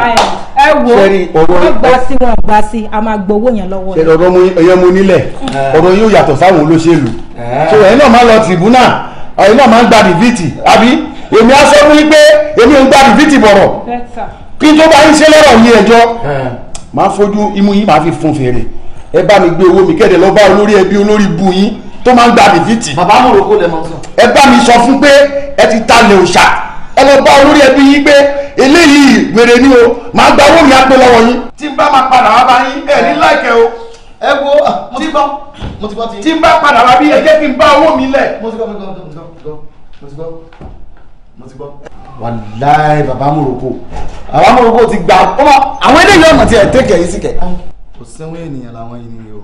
ẹ wo wọn gbà sí wọn gbà sí a máa gbowó yẹn lọ́wọ́ rẹ̀. ọ̀rọ̀ mu ẹyẹ nílẹ̀ eh. ọ̀rọ̀ yóò yàtọ̀ sáwọn olóṣèlú eh. so ẹ̀yin náà máa lọ tìbúnà ẹ̀yin náà máa ń gba dìbìtì àbí èmi á sọ fún yín pé èmi ò ń gba dìbìtì bọ̀rọ̀ kí tó bá ń ṣe eh. máa fojú imú yín máa fi fún fèrè ẹ bá mi gbé owó mi kéde lọ bá olórí ẹbí olórí bu yín tó máa ń gba bìfìtì. bàbá mo rò kó lè mọ sọ. ẹ bá mi sọ fún pé ẹ ti ta lè òòṣà ẹ lọ bá olórí ẹbí yín pé eléyìí wèrè ni o máa gba owó mi á pé lọ́wọ́ yín. tí n bá máa padà wá bá yín ẹ ní láìkẹ́ o. ẹ wo ah, mo ti gbọ́ mo ti gbọ́ ti. tí n bá padà wá bí ẹ jẹ́ kí n bá owó mi lẹ̀. mo ti gbọ́ mo ti gbọ́ mo ti gbọ́ mo ti gbọ́ mo ti gbọ́. wàláì bàbá mo rò kó bàbá mo rò kó ti gbà àwọn eléyìí ọ̀nà tí ẹ tẹ́kẹ̀ẹ́ yìí sì kẹ̀ kò sẹ́wọ́ ènìyàn làwọn ènìyàn o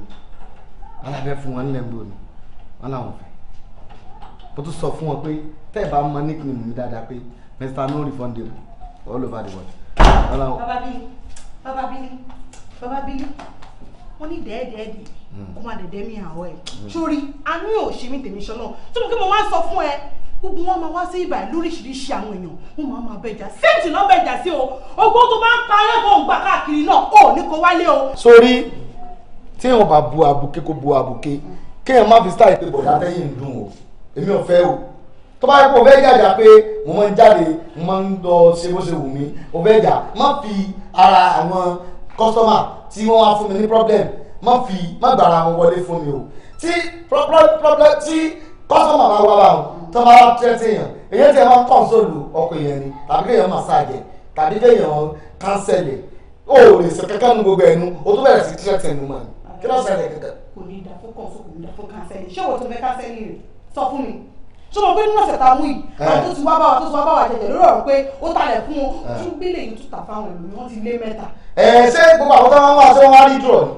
aláfẹ́ fún wọn nílẹ̀ ń bò ní wọn làwọn fẹ́ mo tún sọ fún wọn pé tẹ́ ẹ̀ bá mọ nickname mi dáadáa pé mr no refundable all over the world. bàbá bíi bàbá bíi bàbá bíi wọ́n ní dẹ́ẹ̀dẹ́ẹ̀dì kó máa dẹ̀dẹ́ mi àwọ̀ ẹ̀ mm. sórí àánú yóò ṣe mí tèmi sọ́nà tó mọ̀ pé mo wá sọ fún ẹ gbogbo wọn máa wá sí ibà lóríṣiríṣi àwọn èèyàn wọn máa máa bẹjà sẹẹtì náà bẹjà sí o ogbó tó bá ń pa ẹgbọn gbà káàkiri náà ò ní kó wálé o. sórí tí èèyàn bá bu àbùké kó bu àbùké kéèyàn má fi sítáì pé bọ̀dá tẹ́yìn dùn o èmi ò fẹ́ o tó bá yẹ kó o fẹ́ jàjà pé mo máa ń jáde mo máa ń lọ ṣe bó ṣe wù mí o fẹ́ jà má fi ara àwọn kọ́sọ́mà tí wọ́n wá fún mi ní problem má fi má gbàra wọn wọlé fún mi o tí problem tí kọ́sọ́mà bá wá bá wọn tó bá tẹ́tí èèyàn èyàn tí ẹ máa kọ́ńsóòlù ọkọ èèyàn ni tàbí kéèyàn màsáàjẹ tàbí kéèyàn kánsẹ̀lẹ̀ ó lè sọ kankan nu gbogbo ẹnu o tó bẹ̀rẹ̀ sí tẹ́tí ẹnu mọ́ ni kí ló ṣẹlẹ̀ kankan. kò ní ìdá fún kọ́ńsó kò ní ìdá fún kánsẹ̀lẹ̀ ṣé wọ́n tó fẹ́ kánsẹ̀lẹ̀ rẹ̀ sọ fún mi ṣé mo gbé nínú ọ̀sẹ̀ tá a mú yìí àwọn tó ti wá bá wa tó ti wá bá wa jẹjẹ lórí ọ̀rọ̀ pé ó talẹ̀ fún wọn tún gbélé yìí tún tà fáwọn ìlú wọn ti lé mẹ́ta. ẹ ṣé gbogbo àwọn tó máa ń wá ṣé wọn wá rí dùrọ̀ ni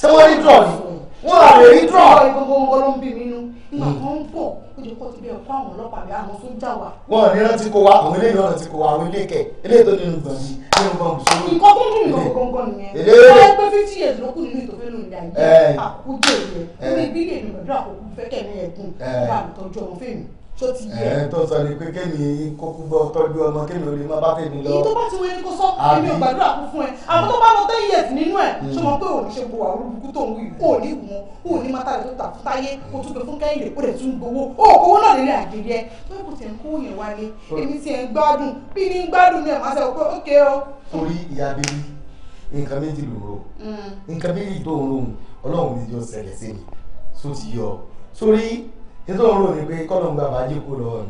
ṣé wọn rí dùrọ̀ ni wọn à lè rí dúró. ọ̀rọ̀ ìgbogbo wọn ló ń bí mi nú ìgbà kan ń bọ̀ ó jẹ́ kó ti bẹ̀rẹ̀ fún àwọn ọlọ́pàá bí àwọn sójà wa. wọn ò ní rántí kó wa àwọn eléyìí rántí kó wa àwọn ilé kẹ eléyìí tó nínú gbọ̀n mi nínú gbọ̀n mi sórí. nǹkan tó ń dùn nǹkan gangan nìyẹn. èlé ó yẹ pé fifty years ló kù nínú ìtòfẹ́ lónìí ìyá yìí àkójọ ìyẹn lórí gbígbé ìgbàdúrà kò fẹ́kẹ̀ ní ẹ̀gún ó bá mi tọ́jú ọmọ fèmí tó ti yẹ. ẹ tó sọ ni pé kémi kókú bọ tọ́jú ọmọ kémi ò lè má bá tèmi lọ. èyí tó bá ti wọ ẹni sọ èmi ò gbàdúrà kú fún ẹ àmọ́ tó bá lọ ten years nínú ẹ hmm. ṣé pé òní ṣe gbowó àwọn olùkú tó ń wí ò ní wù wọn ní má tàbí tó tàkú táyé o tún pé fún kẹ́hìndé ó dẹ̀ tún gbowó ó kówó náà lè rí àgbèrè ẹ tó kò tẹ̀ ń kó yẹn wálé hmm. èmi ti ń gbádùn bí ní gbádùn ní ẹ̀ máa hmm. ṣe nítorí òun rò ní pé kọ́lọ́n gba fàájì kú lọ rẹ̀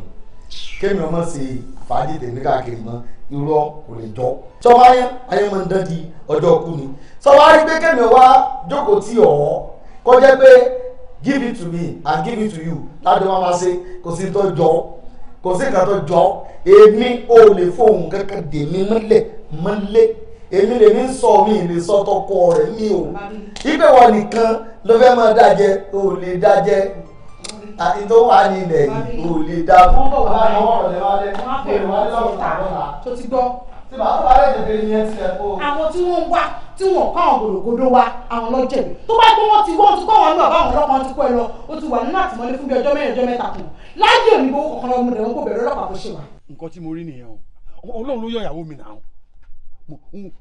kémi ọmọ ṣe fàájì tèmi káàkiri mọ́ irọ́ kò lè jọ sọba ayé ayé máa ń dán di ọjọ́ kú ni sọba ayé pé kémi wá jókòó tí ọ̀họ́ kọjá pé give it to me and give it to you láti wá máa ṣe kò sí tó jọ kò sí nǹkan tó jọ èmi ò lè fóun kankan dèmi mọ́lẹ̀ mọ́lẹ̀ èmi lèmi ń sọ mi lè sọ tọkọ rẹ mi o ibẹ̀ wà nìkan ló fẹ́ máa dájẹ́ ò lè dájẹ́ àti tó wà ní ilẹ̀ yìí ò lè dá fún àwọn ọ̀rọ̀ lẹ́wọ́lẹ́ fún ìwádìí lọ́wọ́ tààrà tó ti gbọ́ àwọn tí wọ́n ń wá tí wọ́n kọ́ àwọn gòdògòdò wa àwọn lọ́jẹ̀ tó bá gbọ́ wọn ti wọ́n ti kọ́ wọn náà báwọn ọlọ́pàá ti kọ́ ẹ lọ ó ti wà nínú àtìmọ́lé fún bí ọjọ́ mẹ́rin ọjọ́ mẹ́ta kan láyé òní gbowó kankan lọ́wọ́ rẹ̀ wọ́n kò bẹ̀rẹ̀ ọlọ́pàá bó ṣe wà. nǹkan tí mo rí nìyẹn o ọlọ́run ló yọ ìyàwó mi náà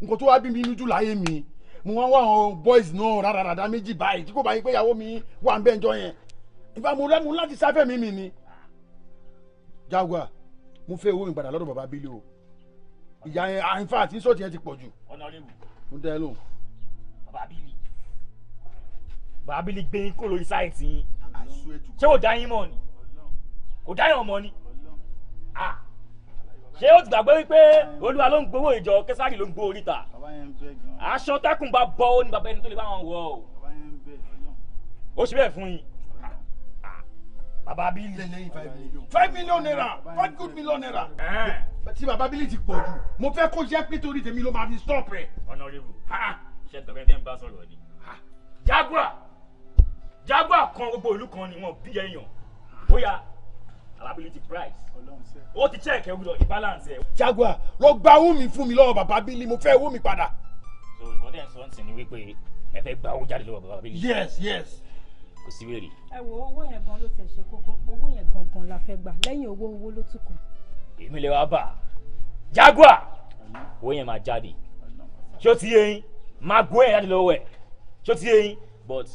nǹkan tó wá bí mi inú jù láyé mi mo wá wá àwọn boys náà rárára méjì báyìí tí kò bá yí pé ìyàwó mi wà ń bẹ́ẹ̀ jọ yẹn ìfà mo lẹ́mu láti sáfẹ́ mi mi ni. Jaguar mo fẹ́ owó mi padà lọ́dọ̀ bàbá Bílí o ìyá yẹn àìfà ah, àti sọ́ọ̀tì yẹn ti pọ̀ jù. ọ̀nà rẹ̀ wù. mo dẹ́ lóhùn. bàbá gbé kó lórí sáìtì yín ṣé ò dá yín mọ̀ ni kò dá yín ọmọ ni ṣé ó ti gbàgbé wípé olúwa ló ń gbowó ìjọ kẹsàrì ló ń gbowó oríta aṣọ tákùn bá bọ́ ó ní bàbá ẹni tó lè bá wọn wọ̀ ọ́ ó ṣe bẹ́ẹ̀ fún yín baba bili lẹ́yìn five million five million naira five good million naira. Eh. tí baba bili ti pọ̀ jù mo fẹ́ kó jẹ́ pé torí tèmi ló máa fi stop rẹ̀. honourable ṣe gbẹ̀gbẹ́ tẹ́ ń bá sọ̀rọ̀ ni jaguar jaguar kan gbogbo ìlú kan ni wọn bí èèyàn bóyá availability price ó ti check ẹ wúlọ ìbalance ẹ. jaguar lọ gba owó mi fún mi lọ́wọ́ baba bili mo fẹ́ owó mi padà. so ìkọ́dẹ̀ sọ́ọ̀sì ni wípé ẹ fẹ́ gba owó jáde lọ́wọ́ baba bili. yes yes kò sí wèrè. ẹ wo owó yẹn gan ló tẹ̀ ṣe kókó owó yẹn gangan la fẹ́ gbà lẹ́yìn owó owó ló tún kù. èmi lè wá bà jaguar owó yẹn máa jáde ṣé ó ti yé yín máa gbó yẹn jáde lọ́wọ́ ẹ̀ ṣé ó ti yé yín but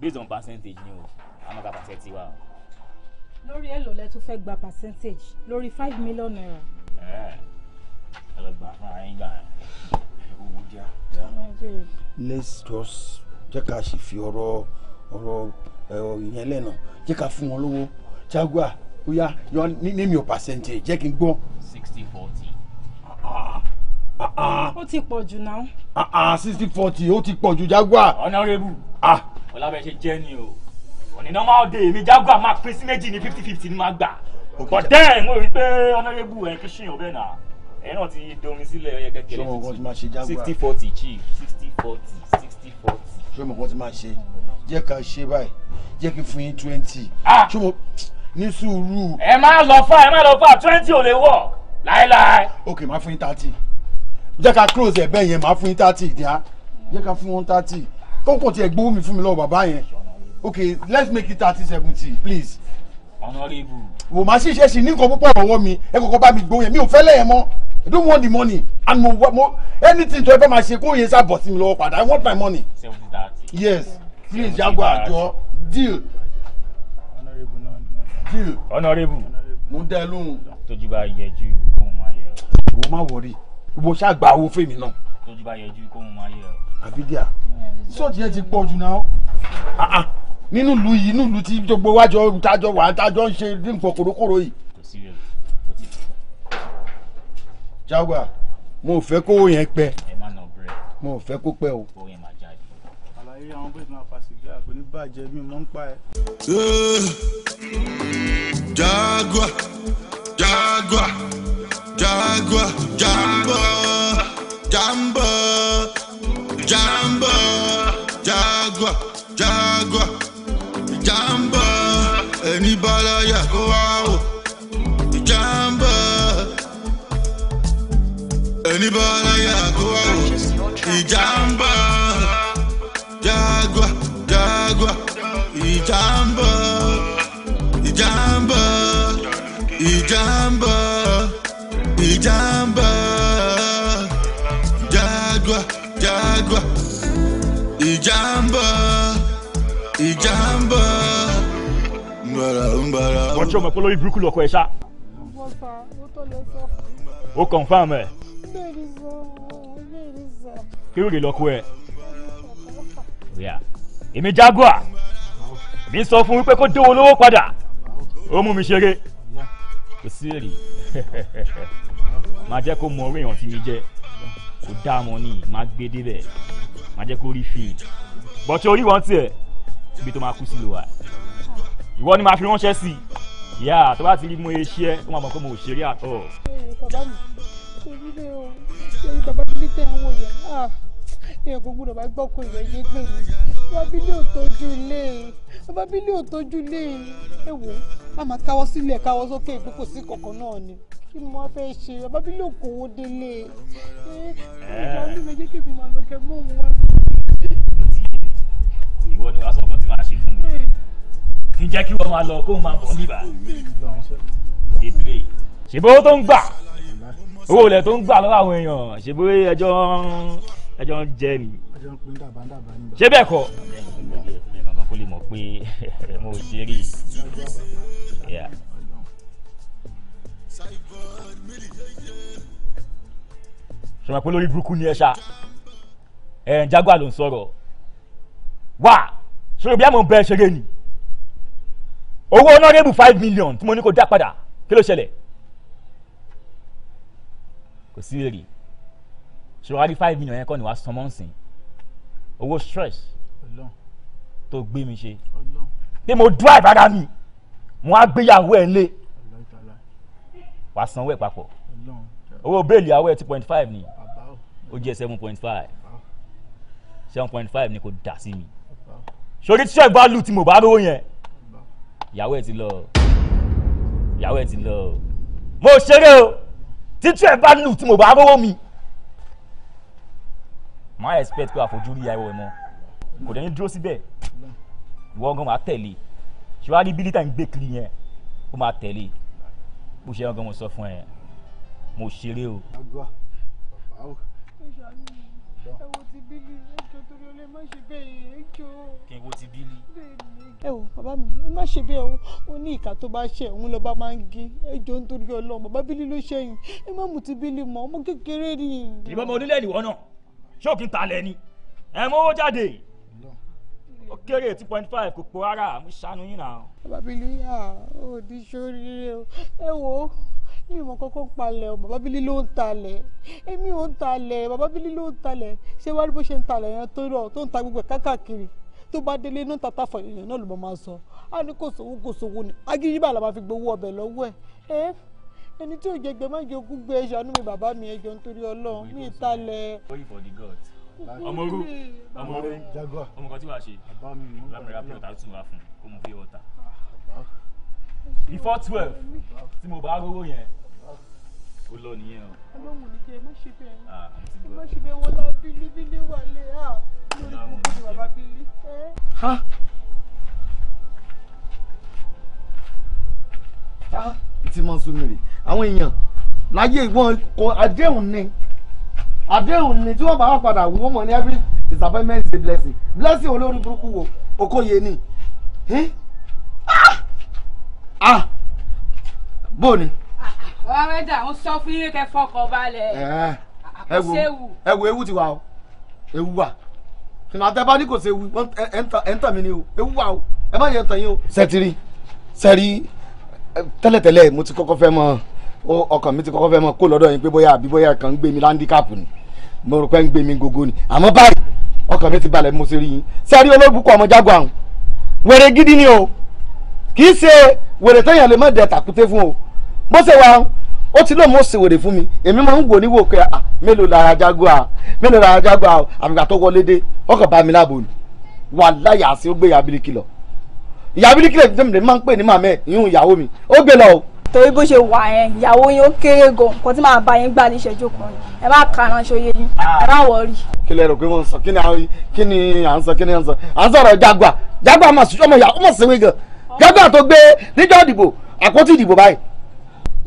based on percentage ni o àmọ́ ká pàṣẹ tiwa o. lórí èlò lẹ tún fẹ́ gba percentage lórí five million naira. ẹ ẹ lọ gbà fún ara gbà owó díà. let's just jẹ́ ká sì fi ọ̀rọ̀ ọ̀rọ̀ ìyẹn lẹ́nà jẹ́ ká fún wọn lówó jaguar ó yá yọ name your percentage jẹ́ kí n gbọ́. sixty forty. ó ti pọ̀ jù náà. Ah, ah, sixty forty ó ti pọ̀ jù jaguar. honourable ah. ọlábẹ ṣe jẹ́ ni o òní normal day mi jaguar máa pín sí méjì ní fifty fifty ni máa gbà but then mo rí i pé honourable ẹ̀ kí ṣìyàn bẹ́ẹ̀ náà ẹ̀ náà ti domi sílẹ̀ ẹ̀ kẹ́kẹ́ sixty forty chief sixty forty ṣé mo kàn ti máa ṣe jẹ́ ká ṣe báyìí jẹ́ kí fún yín twenty. Ah! ṣé mo ní sùúrù. ẹ má lọ fà ẹ má lọ fà twenty ò lè wọ̀ láéláé. ok máa fún yín thirty jẹ́ ká close ẹ̀ bẹ́ẹ̀ yẹn máa fún yín thirty díà jẹ́ ká fún wọn thirty kọ́kọ́ tiẹ̀ gbówó mi fún mi lọ́wọ́ bàbá yẹn ok let's make it thirty seventy please. honorable. wò má ṣiṣẹ́ sí ní nǹkan púpọ̀ ọ̀wọ́ mi ẹ kọ́kọ́ bá mi gbó yẹn mi ò fẹ́ lẹ́yìn mọ́. I don't want the money. And mo, mo, anything to ever my ṣe kó yẹn sá bọ̀ sí mi lọ́wọ́ padà. I want my money. Yes. Please, Jaguar, jọ. Deal. Honourable náà ni. Deal. Honourable. Mo dá ẹ lóhùn. Tójú bá yẹjú kó mo máa yẹ. Ìwọ má wọrí. Ìwọ ṣáà gba owó fèmí náà. Tójú bá yẹjú kó mo máa yẹ. Àbídíà. Sọ́ọ̀tì yẹn ti pọ̀ jù náà. Ah, ah. Nínú ìlú yìí, nínú ìlú tí gbogbo wájọ tájọ wà tájọ ń ṣe ní nǹkan kòrókòrò yìí. Jagua, mo ò fẹ́ kówó yẹn pẹ́ mo ò fẹ́ kó pẹ́ o. àlàyé àwọn bẹ́ẹ̀ máa fa sìgá kò ní bàjẹ́ mi mọ́ ń pa ẹ. jagua, Jaguar Jaguar jambo jambo jambo Jaguar Jaguar jambo ẹni bá láyà kó wá o. ẹni bá láyà kó wá wò ìjàmbá jagua jagua ìjàmbá ìjàmbá ìjàmbá ìjàmbá jagua jagua ìjàmbá ìjàmbá nbara nbara. wọ́n tí o mọ̀ pé lórí burúkú lọ́kọ̀ ẹ̀ ṣá. ó confirm ẹ̀ kíròrè lọ́kọ ẹ̀ èmi jaguar mi sọ fún wípé kó dówó lówó padà ó mú mi ṣeré kò sí èrè máa jẹ́ kó mọ orí èèyàn tí mi jẹ́ kó dá mọ ní máa gbé débẹ̀ máa jẹ́ kó rí fíìn bọ́tí orí wọn tiẹ̀ ibi tó máa kú sí ló wà ìwọ ni máa fi ránṣẹ́ sí i yá tó bá ti rí mo ṣe é máa mọ̀ pé mo ò ṣeré àtọ̀ ṣe rí rẹ o lórí bàbá délé tẹ̀ ń wò yẹn èèyàn kò gbọdọ̀ bá gbọ́ pé ìwé yé gbè mí bàbá bílẹ̀ ò tọ́jú ilé bàbá bílẹ̀ ò tọ́jú ilé ẹ wò á máa káwọ́ sílẹ̀ káwọ́ sókè pé kò sí kankan náà ni kí mo fẹ́ ṣe bàbá bílẹ̀ ò kówó délé ìgbà mi lè jẹ́ kí mi máa jẹ́ kí wọ́n máa lọ kóun máa bọ̀ níbà ṣe bó tó ń gbà owó olè tó ń gbà lọ́wọ́ àwọn èèyàn ṣe bí ẹjọ́ ẹjọ́ ń jẹ mi ṣé bẹ́ẹ̀ kọ́ kó lè mọ̀ pé mo ṣe rí i. sọ̀rọ̀ pé lórí burúkú ni ẹ ṣá ẹ̀ ń jágbá ló ń sọ̀rọ̀ wá sọ̀rọ̀ bí àmọ̀ bẹ́ẹ̀ ṣeré ni owó ọ̀nà rẹ́bù five million tí mo ní kó dá padà kí ló ṣẹlẹ̀ kò sí èrè ṣùgbọ́n wá five million yẹn kọ́ ni wàá san mọ́sìn owó stress tó gbé mi ṣe pé mo drive ara mi mo á gbéyàwó ẹ̀ lé wàá sanwó ẹ̀ papọ̀ owó bẹ́ẹ̀lì àwọ̀ ẹ̀ two point five ni ó jẹ́ seven point five seven point five ni kò dà sí mi sori tí sẹ́ẹ̀ bá lù tí mo bá lówó yẹn ìyàwó ẹ̀ ti lọ ìyàwó ẹ̀ ti lọ mo ṣeré o títí ẹ bá nù tí mo bá rówó mi. má expect pé àfojúrí ìyá ìwọ ẹ mọ kò dẹni dúró síbẹ̀ ìwọ gan máa tẹ̀lé ṣùgbọ́n bílítà ń gbé kiri yẹn ó máa tẹ̀lé bó ṣe gan mo sọ fún ẹ mo ṣeré o. ẹ wo kí n wo ti bílí ẹ wò bàbá mi ẹ má ṣe bẹ́ẹ̀ o ó ní ìka tó bá ṣe òun lọ́ba máa ń gé ẹjọ́ nítorí ọlọ́run bàbá bílí ló ṣẹ́yìn ẹ má mutí bílí mọ́ ọmọ kékeré ni. ìbọn ọmọ onílẹ̀ ìwọ náà ṣóòkì ń talẹ̀ ni ẹ mọ owó jáde ó kéré two point five kò pọ̀ rárá mo ṣàánú yín náà. bàbá bílí ò ní sóríire o ẹ wò ó mi mọ kọkọ ń palẹ̀ o bàbá bílí ló ń talẹ̀ èmi ò ń talẹ̀ bàbá bílí ló ń talẹ̀ ṣé wàá rí bó ṣe ń talẹ̀ yẹn tó rọ tó ń ta gbogbo ẹ káàkiri tó bá délé inú tata fàyẹ̀yàn náà ló bá máa sọ á ní kò sówó kò sówó ni agíyíbà la máa fi gbowó ọbẹ̀ lọ́wọ́ ẹ̀ ẹ́ ẹni tí ò jẹ gbẹ má jẹ ogún gbé ẹ ṣàánú mi bàbá mi ẹjọ nítorí Ọlọ́run mi ìtàlẹ̀. ọmọ orú ọmọ orú ọmọ kan tí wàá ṣe lámìrán pé ọ̀tá tún wá fún kó mo fi ọ̀tá before twelve tí mo bá rówó yẹn ó lọ nìyẹn o. ọlọ́run ní kí ẹ má ṣe bẹ́ẹ̀ ah, ẹ má ṣe bẹ́ẹ̀ wọ́n lọ bílíbílí wà lé ah. Ha? Ah, ha? Ti mọ sún mi rè. Àwọn èèyàn láyé ìwọ̀n kọ àdéhùn ni. Àdéhùn ni tí wọ́n bá wà padà wù wọ́n mọ̀ ní every disappointment is a blessing. Blessing olórí burúkú wo? Okoye ni. Ah! ah! Bó ni? Wọ́n rẹ́ dà, ń sọ fún yín kẹ́ fọkàn balẹ̀. Ẹ wo ewu ti wà o, ewu wà àtẹ̀bá ní kò ṣe wu ẹ̀ńtà mi ni o ewu wa o ẹ má yẹ ẹ̀ńtà yín o. sẹ́tìrì sẹ́rí tẹ́lẹ̀tẹ́lẹ̀ mo ti kọ́kọ́ fẹ́ mọ ọkàn mi ti kọ́kọ́ fẹ́ mọ kó lọ́dọ̀ yín pé bóyá àbí bóyá kan ń gbé mi láńdíkàpù ni mo rò pé ń gbé mi gógó ni àmọ́ báyìí ọkàn mi ti balẹ̀ mo ṣe rí yín sẹ́rí olóbùkún ọmọ jágọ̀ àrùn wèrè gidi ni o kì í ṣe wèrè téèyàn lè má dẹ̀ tàkúté fún o bó ṣe wà ó ti lóun ó ṣe wèrè fún mi èmi máa ń wò níwò pé ah mélòó lára jaguar mélòó lára jaguar àmìgbà tó wọlé dé ọkàn bá mi láàbò ni wàláyà àti ó gbé ìyá bíríkì lọ ìyá bíríkì lè dé mi máa ń pè ní màmá ìyún ìyàwó mi ó gbé lọ o. torí bó ṣe wà yẹn ìyàwó yín ó kéré gan nǹkan tí màá bá yín gbà ní ìṣẹ́jú kan ẹ má kàrán ṣòye yín ah. ẹ má wọrí. kí lẹ rò pé wọn sọ kí ni kí ni à ń sọ kí ni à ń sọ à ń sọ̀rọ̀ jaguar jaguar ọmọ ìyá ọmọ ìsìnwé gan jaguar tó gbé níjọ́ ìdìbò àpótí ìdìbò báyìí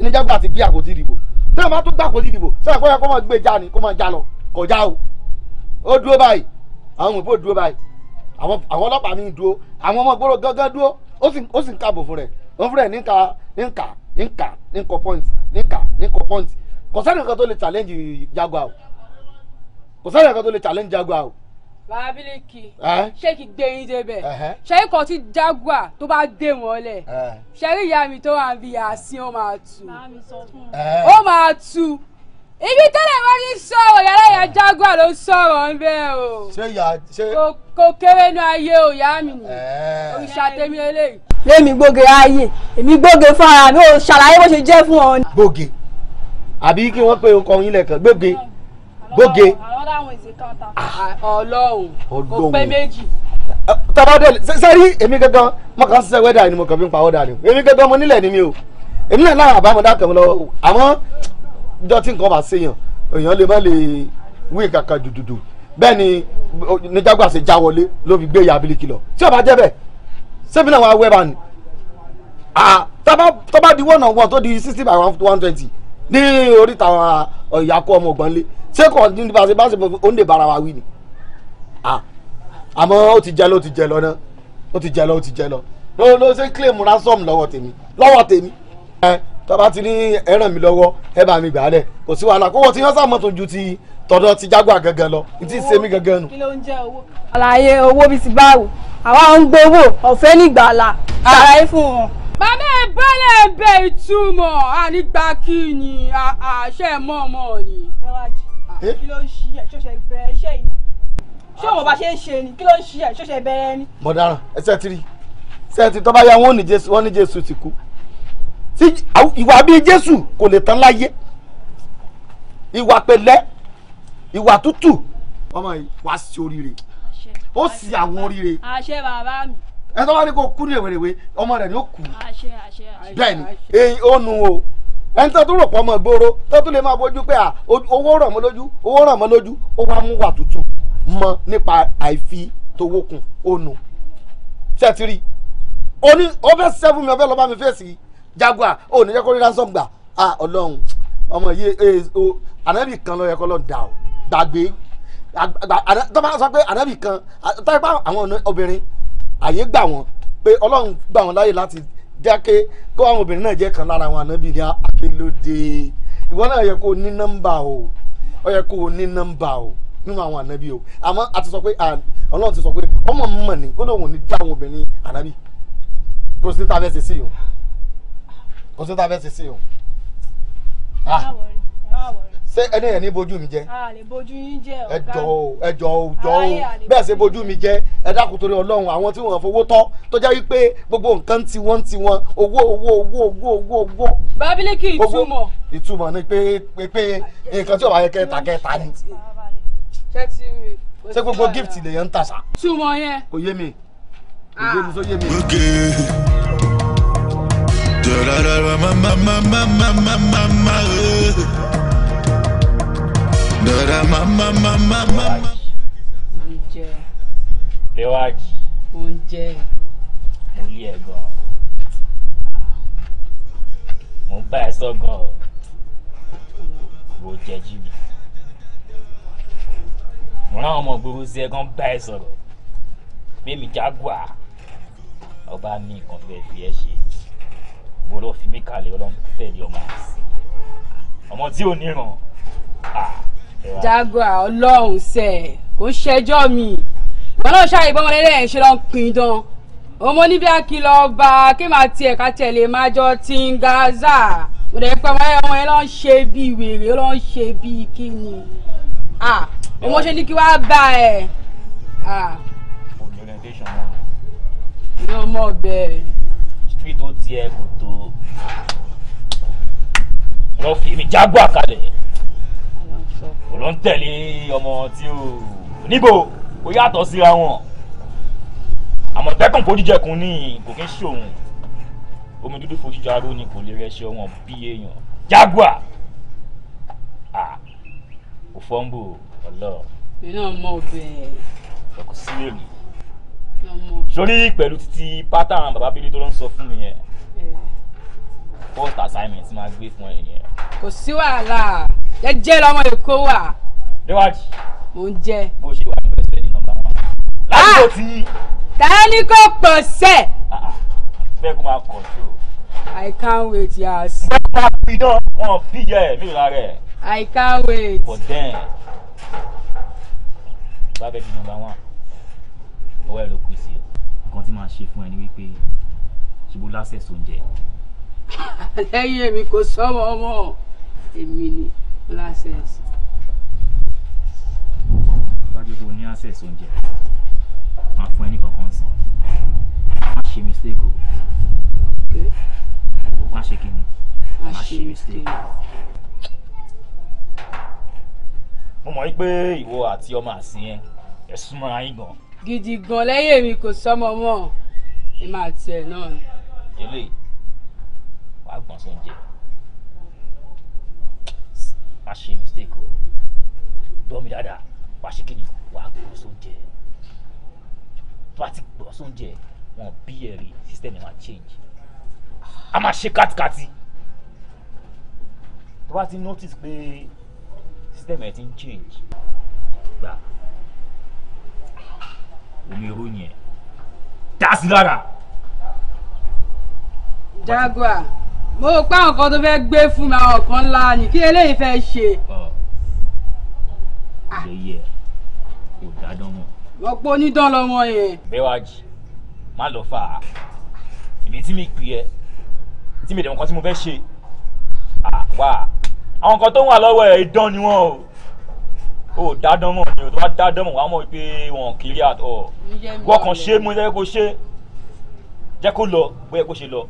ní jágbá ti gbé àkótí ìdìbò tí wọn bá tún gbé àkótí ìdìbò sọ àkóyọ kó máa gbé já ni kó máa já lọ kọjá o ó dúró báyìí àwọn òyìnbó dúró báyìí àwọn ọlọ́pàá mi dúró àwọn ọmọ gbọ́dọ̀ gángan dúró ó sì ń káàbò fún rẹ̀ wọ́n fún rẹ̀ níka níka níka níkọ point níka níkọ point kò sẹ́ni kan tó lè challenge Jaguar o kò sẹ́ni kan tó lè challenge Jaguar o bábílíkì ṣé kí gbé yín débẹ̀ ṣẹ́yìn kan tí jaguar tó bá dé wọn lẹ̀ ṣẹ́rí ìyá mi tó wà ń bi àsín ó máa tù ó máa tù ibi tẹ́lẹ̀ wọ́n ní sọ̀rọ̀ yàrá ìyá jaguar ló sọ̀rọ̀ ń o ṣé ìyá ṣé. kò kéré nu ayé o ya mi ni òrìṣà tèmi eléyìí. lémi gbóge ayé èmi gbóge fara mi ò ṣàlàyé bó ṣe jẹ́ fún ọ. gbóge àbí kí wọ́n pe nǹkan yín lẹ̀kàn gbóge gbóge. ọlọ́run kò pé méjì. tọ́ba dẹ̀ sẹ́rí èmi gangan mo kàn ṣiṣẹ́ wẹ́dà ni mo kàn fi ń pa ọ̀dà ni èmi gangan mo nílẹ̀ ni mi o èmi náà láwọn àbámọ̀dá kan lọ àmọ́ ìjọ tí nǹkan bá ṣèyàn èèyàn lè má lè wí kankan dùdùdù bẹ́ẹ̀ ni níjàgbà ṣe já wọlé ló fi gbé yabili kìlọ̀ tí ọba jẹ́ bẹ́ẹ̀ sẹ́mi náà wàá wẹ́ bá ní. tọ́ba di one on one tó di sixty by one twenty ní oríta ìyàkọ́ ọmọ ògbọ́nlé ṣé kò ní bá ṣe bá ṣe bọ̀ ó ń lè bára wa wí ni àmọ́ ó ti jẹ lọ ó ti jẹ lọ náà ó ti jẹ lọ ó ti jẹ lọ ló ló ṣe claim ransom lọ́wọ́ tèmi lọ́wọ́ tèmi ẹ tọba ti ní ẹ ràn mí lọ́wọ́ ẹ bá mi gbà á lẹ̀ kò sí wàhálà kówó tí wọ́n sá mọ́tò ju ti tọ̀dọ̀ ti jágbà gangan lọ ní ti ṣe mí gangan nù. kí ló ń jẹ owó. àlàyé owó bíi ti báwo àwa ń gbowó ọ̀fẹ́ nígbàlà ṣàlàyé fún wọn. bàbá ẹ bẹ́lẹ̀ bẹ ìtumọ̀ ànígbà kí ni àṣẹ mọ́ ọmọ ni. Eh? kí ló ń ṣí ẹ̀ ṣọ̀ṣẹ̀ bẹ̀rẹ̀ iṣẹ́ yìí ṣé òun bá ṣe ń ṣe ni kí ló ń ṣí ẹ̀ ṣọ̀ṣẹ̀ bẹ̀rẹ̀ ni. mọ̀dáràn ẹsẹ̀ ti rí ṣe ti tọ́ bá ya wọ́n ní jésù wọ́n ní jésù ti kú ìwà bíi jésù kò lè tán láyé ìwà pẹ̀lẹ́ ìwà tútù ọmọ yìí wàá sí oríire ó sì àwọn oríire. mi ẹ tọ́ bá ní kó kú ní ìwèrèwé ọmọ rẹ̀ ni ó kú bẹ́ẹ̀ ni èyí ó nu o ẹni tó tún rò pọ̀ ọmọ ìgboro tó tún lè máa bójú pé owó ràn mọ́ lójú owó ràn mọ́ lójú ó wá mú wà tútù mọ nípa àìfi towó kun ònu ṣètìrì oní ọfẹ sẹfún mi ọfẹ lọ bá mi fèsì jagua òní jẹ kó rí ransom gbà á Ọlọ́run ọmọ yìí ẹ e, o ànábì kan lọ yẹ kó lọ dà o gbàgbé tó bá sọ pé ànábì kan tó bá àwọn obìnrin àyè gbà wọn pé Ọlọ́run gbà wọn láyè láti jákè kó àwọn obìnrin náà jẹ́ kan lára àwọn ànábì ní akéwìlódé ìwọ náà yẹ kó o ní nọ́mbà o ó yẹ kó o ní nọ́mbà o nínú àwọn ànábì o àmọ́ a ti sọ pé ọlọ́run ti sọ pé ọmọ mọ̀ ni ó lóun ò ní dá àwọn obìnrin ànábì kò sí níta fẹ́ẹ́ ṣe sí o kò sí níta fẹ́ẹ́ ṣe sí o. Ah ṣé ẹni yẹn ní bójú mi jẹ. a lè bójú yín jẹ ọ̀gá ẹjọ o ẹjọ o jọ bẹ́ẹ̀ ṣe bójú mi jẹ ẹ dákun torí Ọlọ́run àwọn tí wọ́n fowó tọ́ tó jẹ́ wípé gbogbo nǹkan tiwọn tiwọn owó owó owó owó owó owó. bábílíkì ìtumọ̀. ìtumọ̀ ni pé pé pé nǹkan tí ò bá yẹ kẹta kẹta ni. ṣé gbogbo gift lè yẹn ń tà sá. túmọ̀ yẹn. kò yé mi kò yé mi sọ yé mi. Da da da ma Dora mama mama mama. Oúnjẹ. Léwájú. Oúnjẹ. Mo lé ẹ gan. Mo ń jágùá. Ọba mi nǹkan fẹ́ fi ẹ ṣe. Mo fi mí kalẹ̀ ọlọ́run tẹ̀lé ọmọ àti ọmọ tí ò ní ràn. Jaguar ọlọ́run sẹ̀ kò ṣẹjọ́ mi ìwọ́n náà ṣàyè bọ́mọ lẹ́lẹ́ ẹ̀ ṣe lọ́n pin dán ọmọ níbi àkìlọ̀ ọba kí màá tiẹ̀ ká tẹ̀lé máa jọ ti ń gaza kò dẹ̀ pẹ́ ọmọ ẹ̀wọ̀n ẹ̀ lọ́n ṣe bíi wèrè ó lọ́n ṣe bíi kí ni ọmọ ṣe ní kí wàá bá ẹ̀. ìlú ọmọ ọbẹ̀. street ó tiẹ̀ kò tó lọ́ọ́ fi mi Jaguar kalẹ̀ kò ló ń tẹ̀lé ọmọ tí o níbo kò yàtọ̀ síra wọn àmọ̀tẹ́kùn fojújẹkùn ní kò kí ń ṣòun omi dúdú fojújarú ni kò lè rẹṣẹ wọn bí èèyàn jaguar kò fọ́nbù ọlọ. iná mọ ọbẹ. ọkọ sí èmi. sórí pẹ̀lú títí pátá àwọn bàbá bílí tó ló ń sọ fún mi yẹn first assignment máa gbé fún ẹ nìyẹn kò sí wàhálà jẹ́jẹ́ lọ́mọ èkó wà. déwájì. mo ń jẹ. bó ṣe wà ah! ní bẹ́sẹ̀ ní nọ́mbà wọn. lásìkò tí. tani kò pọ̀ sẹ́. bẹ́ẹ̀ kó máa kọ̀ sí o. I can't wait yas. bẹ́ẹ̀ kó máa fi dán wọn bí yẹ ẹ̀ mi lára ẹ̀. I can't wait. but then bá di nọ́mbà wọn ọwọ́ ẹ̀ ló kù sí ẹ̀ nǹkan tí màá ṣe fún ẹ ni wípé ṣubú lásẹ̀ sóúnjẹ. lẹ́yìn èmi kò sọ́mọ ọmọ. A mini glasses. wájú kò ní access oúnjẹ máa fún ẹ ní kankan sàn má ṣe mistake o má ṣe kí ni má ṣe mistake. mo mọ̀ wípé ìwọ àti ọmọ àsìn yẹn ẹ súnmọ́ra yín gan. gidi gan lẹ́yìn mi kò sọ́mọ mọ́ ẹ máa tiẹ̀ náà. eléyìí wàá gbọ́n sóúnjẹ má ṣe mistake o gbọ́ mi dáadáa wá ṣe kí ni wàá gbọ́ sóúnjẹ tó bá ti gbọ́ sóúnjẹ wọn bí ẹ̀rí system ẹ̀ máa change a máa ṣe kátikáti tó bá ti notice pé system ẹ̀ ti ń change gbà omi ìròyìn ẹ̀ dá sí lára. jaguar mo rò pé àwọn kan tó fẹ́ gbé fún mi àwọn kan ńlá ni kí eléyìí fẹ́ ṣe. àyè ah. kò dádán mọ. wọ́n pé onídán lọ́mọ yẹn. Bẹ́wàjì má lọ fà á èmi tí mi pè ẹ́ tí mi dẹ̀ nǹkan tí mo fẹ́ ṣe wà àwọn kan tó ń wà lọ́wọ́ ẹ̀ idán ni wọ́n o o dádán mọ̀ ni o tó bá dádán mọ̀ wá mọ̀ pé wọn kiri àtọ̀ wọ́n kàn ṣe mo jẹ́ kó ṣe jẹ́ kó lọ bóyá kó ṣe lọ.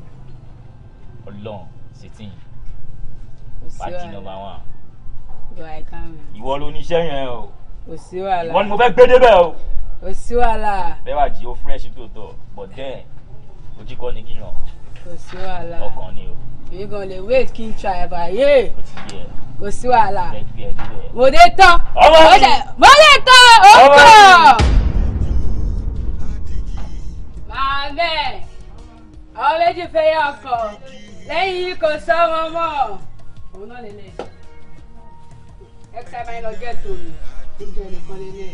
Ọlọ́run sètì yìí pàtì nọ́mbà wọn. ìwọ ló níṣẹ́ yẹn o. kò sí wàhálà ìwọ ni mo fẹ́ gbé débẹ̀ o. kò sí wàhálà. bẹ́ẹ̀ bá jí o fresh tó tọ̀ but then ojú kọ́ ni kíyàn. kò sí wàhálà ọkàn ni o. èyí gan lè wait kí n try ẹ̀bà yé. kò sí yẹ kò sí wàhálà mo dé tán mo dé tán ó kọ̀. màmá ọmọ méjì fẹ́ yẹ ọkọ lẹ́yìn kò sọ́wọ́n mọ́ òun náà lè lẹ̀ ẹ̀ka máa ń lọ jẹ́ tòun níjọ nìkan lè lẹ̀.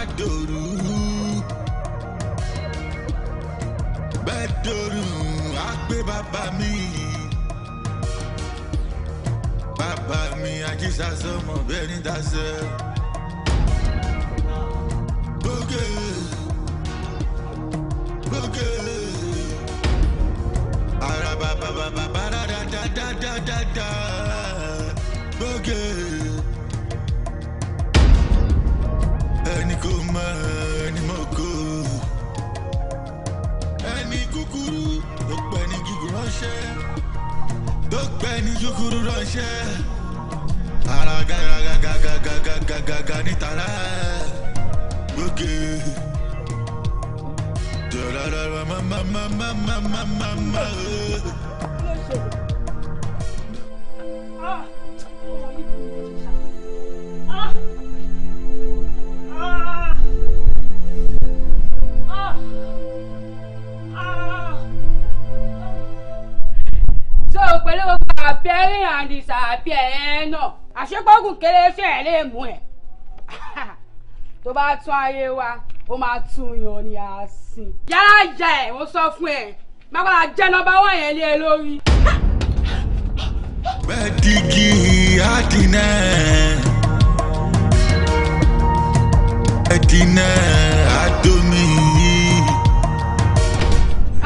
Adoru bẹ́ẹ̀dọ̀rù àgbẹ̀ bàbá mi bàbá mi àjísàsọ́mọ̀ bẹ́ẹ̀ ní dasẹ́ gbógè gòkè. ara bàbà bàbà bàrà dàdàdàdàdà gòkè. ẹni kò mọ ẹni mọ kó. ẹni kúkúrú ló pẹ́ ní gígùn ránṣẹ́. ló pẹ́ ní yúkúrú ránṣẹ́. ara gàgàgàgàgàgàgàgà ní tàrà gòkè abẹ́rìn àdìsá àbí ẹ̀ náà àṣepọ́gùn kéré ṣe ẹ̀ lè mú ẹ̀ tó bá tún ayé wa ó máa tún yan ni àásìn. yàrá ìjà ẹ̀ mo sọ fún ẹ máa padà jẹ́ nọ́mbà wọ́n yẹn lé e lórí. bẹ́ẹ̀dìgì àdínà àdínà àdómi.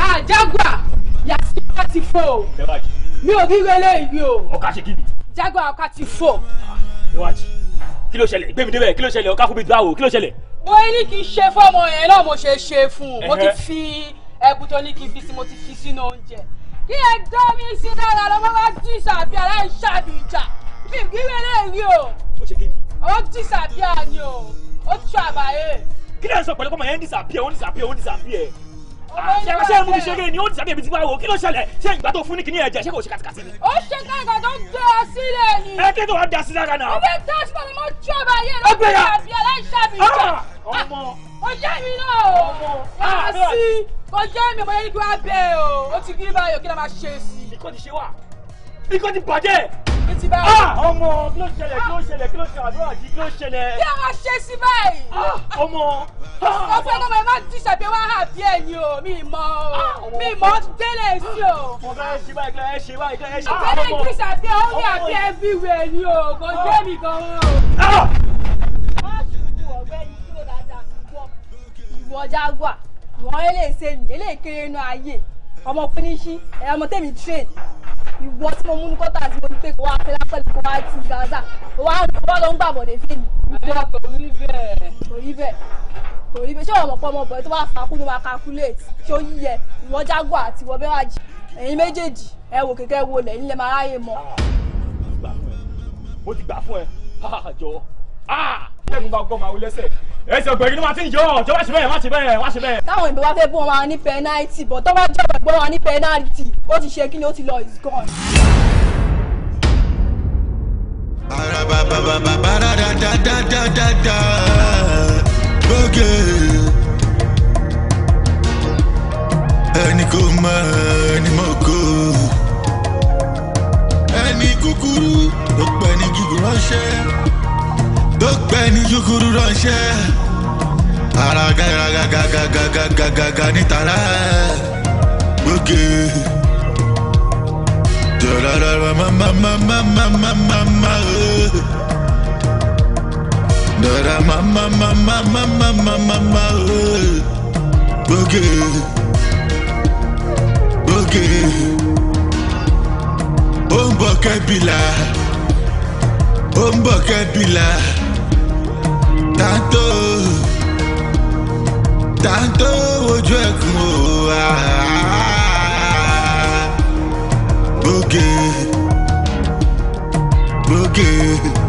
àjágbà ah, yàtí wọ́n ti fò mi ò bí wẹ́lẹ́ ìwé o. ọkà ṣe kí ni. jágbà ọkà ti fò. kí ló ṣẹlẹ̀ gbẹ̀mídébẹ̀ kí ló ṣẹlẹ̀ ọkà fún mi dùn àwò kí ló ṣẹlẹ̀ mo ní kí n ṣe fọmọ yẹn náà mo ṣe ṣe fún un mo ti fi ẹbùn tó ní kí n fi sí mo ti fi sínú oúnjẹ kí ẹ dán mi sí lára lọ́mọ bá dísà bí aláìṣà mi jà bí kí wẹ́rẹ́ rí o ó dísà bí a ni o ó tún àbáyé. kí lè sọ pẹ̀lú pọ́nmọ́ yẹn ń dísà ẹ ó ń ẹ ó ń ẹ ṣe ṣe mú mi ṣeré ni ó dìsàbí ẹbí tí wàá wò kí ló ṣẹlẹ̀ ṣé ìgbà tó fún ní kíní ẹ̀jẹ̀ ṣé kò ṣe kàtìkàtì ni. ó ṣe káàkà tó ń gbé ọ sílẹ̀ ni. ẹ kí ló wá da sí lára náà. ó bí tẹ́sí bàbá mo jọ ọba ah! yẹn ló gbé àbí aláìsàbí ah! jọ. ọmọ ó jẹ́ mi náà o. ọmọ àá ah! sí. ó jẹ́ mi bóyá ní kí wàá bẹ́ẹ̀ o ó ti kí báyọ̀ kí ló ikọ́ ti bàjẹ́. etí báyìí. Ah, ọmọ kí ló ṣẹlẹ̀ kí ló ṣẹlẹ̀ kí ló ṣẹlẹ̀ àbúrò àjí kí ló ṣẹlẹ̀. kí a máa ṣe sí báyìí. Ah, ọmọ. ọfẹ ah. ọmọ ẹ má díṣà pé wọn hà bí ẹyin o mi mọ o mi mọ délé sí o. mo fẹ́ ṣe báyìí kí ẹ ṣe báyìí kí ẹ ṣe báyìí. ìtẹ́lẹ̀ díṣà pé ó ní àbí ẹbí wẹ̀ ni o kò dé mi gan o. ìwọ jágbà ìwọ eléyìí ṣe mi eléyìí kéré inú ayé ọmọ pínísí ẹ ọmọ tèmi trade ìwọ tí mo mú ní kọ́tà tí mo ní pé kó wá fẹ́ lápẹ́lẹ́ kó wá ti gaza ó wá ń bọ́ ló ń gbà bọ̀dẹ̀ sí mi. kò rí bẹ́ẹ̀. kò rí bẹ́ẹ̀ kò rí bẹ́ẹ̀ ṣé ọmọ pọ́ ọmọbìnrin tó bá fàákú ló máa calculate ṣé ó yíyẹ ìwọ jágọ̀ àti ìwọ bẹ́ẹ̀ wá jì ẹ̀yin méjèèjì ẹ wò kékeré wo lẹ̀ nílẹ̀ máa ráyè mọ́. Ah, mo ti gbà fún ẹ mo ti gbà fún ẹ jọ̀ọ́ ah, ẹsẹ̀ ọ̀gbẹ̀rì ni wọ́n ti ń yọ ọ́ jọba ṣe bẹ́ẹ̀ wá ṣe bẹ́ẹ̀ wá ṣe bẹ́ẹ̀. táwọn ìbí wa fẹ́ bọ́ wa ní ẹni kò mọ ẹni mọ kó ẹni kúkúrú ló pẹ́ ní gígùn ránṣẹ́ ló gbẹ ní yúkúrú ránṣẹ́ ara gàgàgàgàgàgàgàgà nítara gbòkè. Dọ̀dọ̀dọ̀ mamamamamamamama ooo. Dọ̀dọ̀ mamamamamamamama ooo. Gbòkè. Gbòkè. Ó ń bọ̀ kẹ́bìlà. Ó ń bọ̀ kẹ́bìlà tanto tàǹtò ojú ẹkùn o gbòkè gbòkè.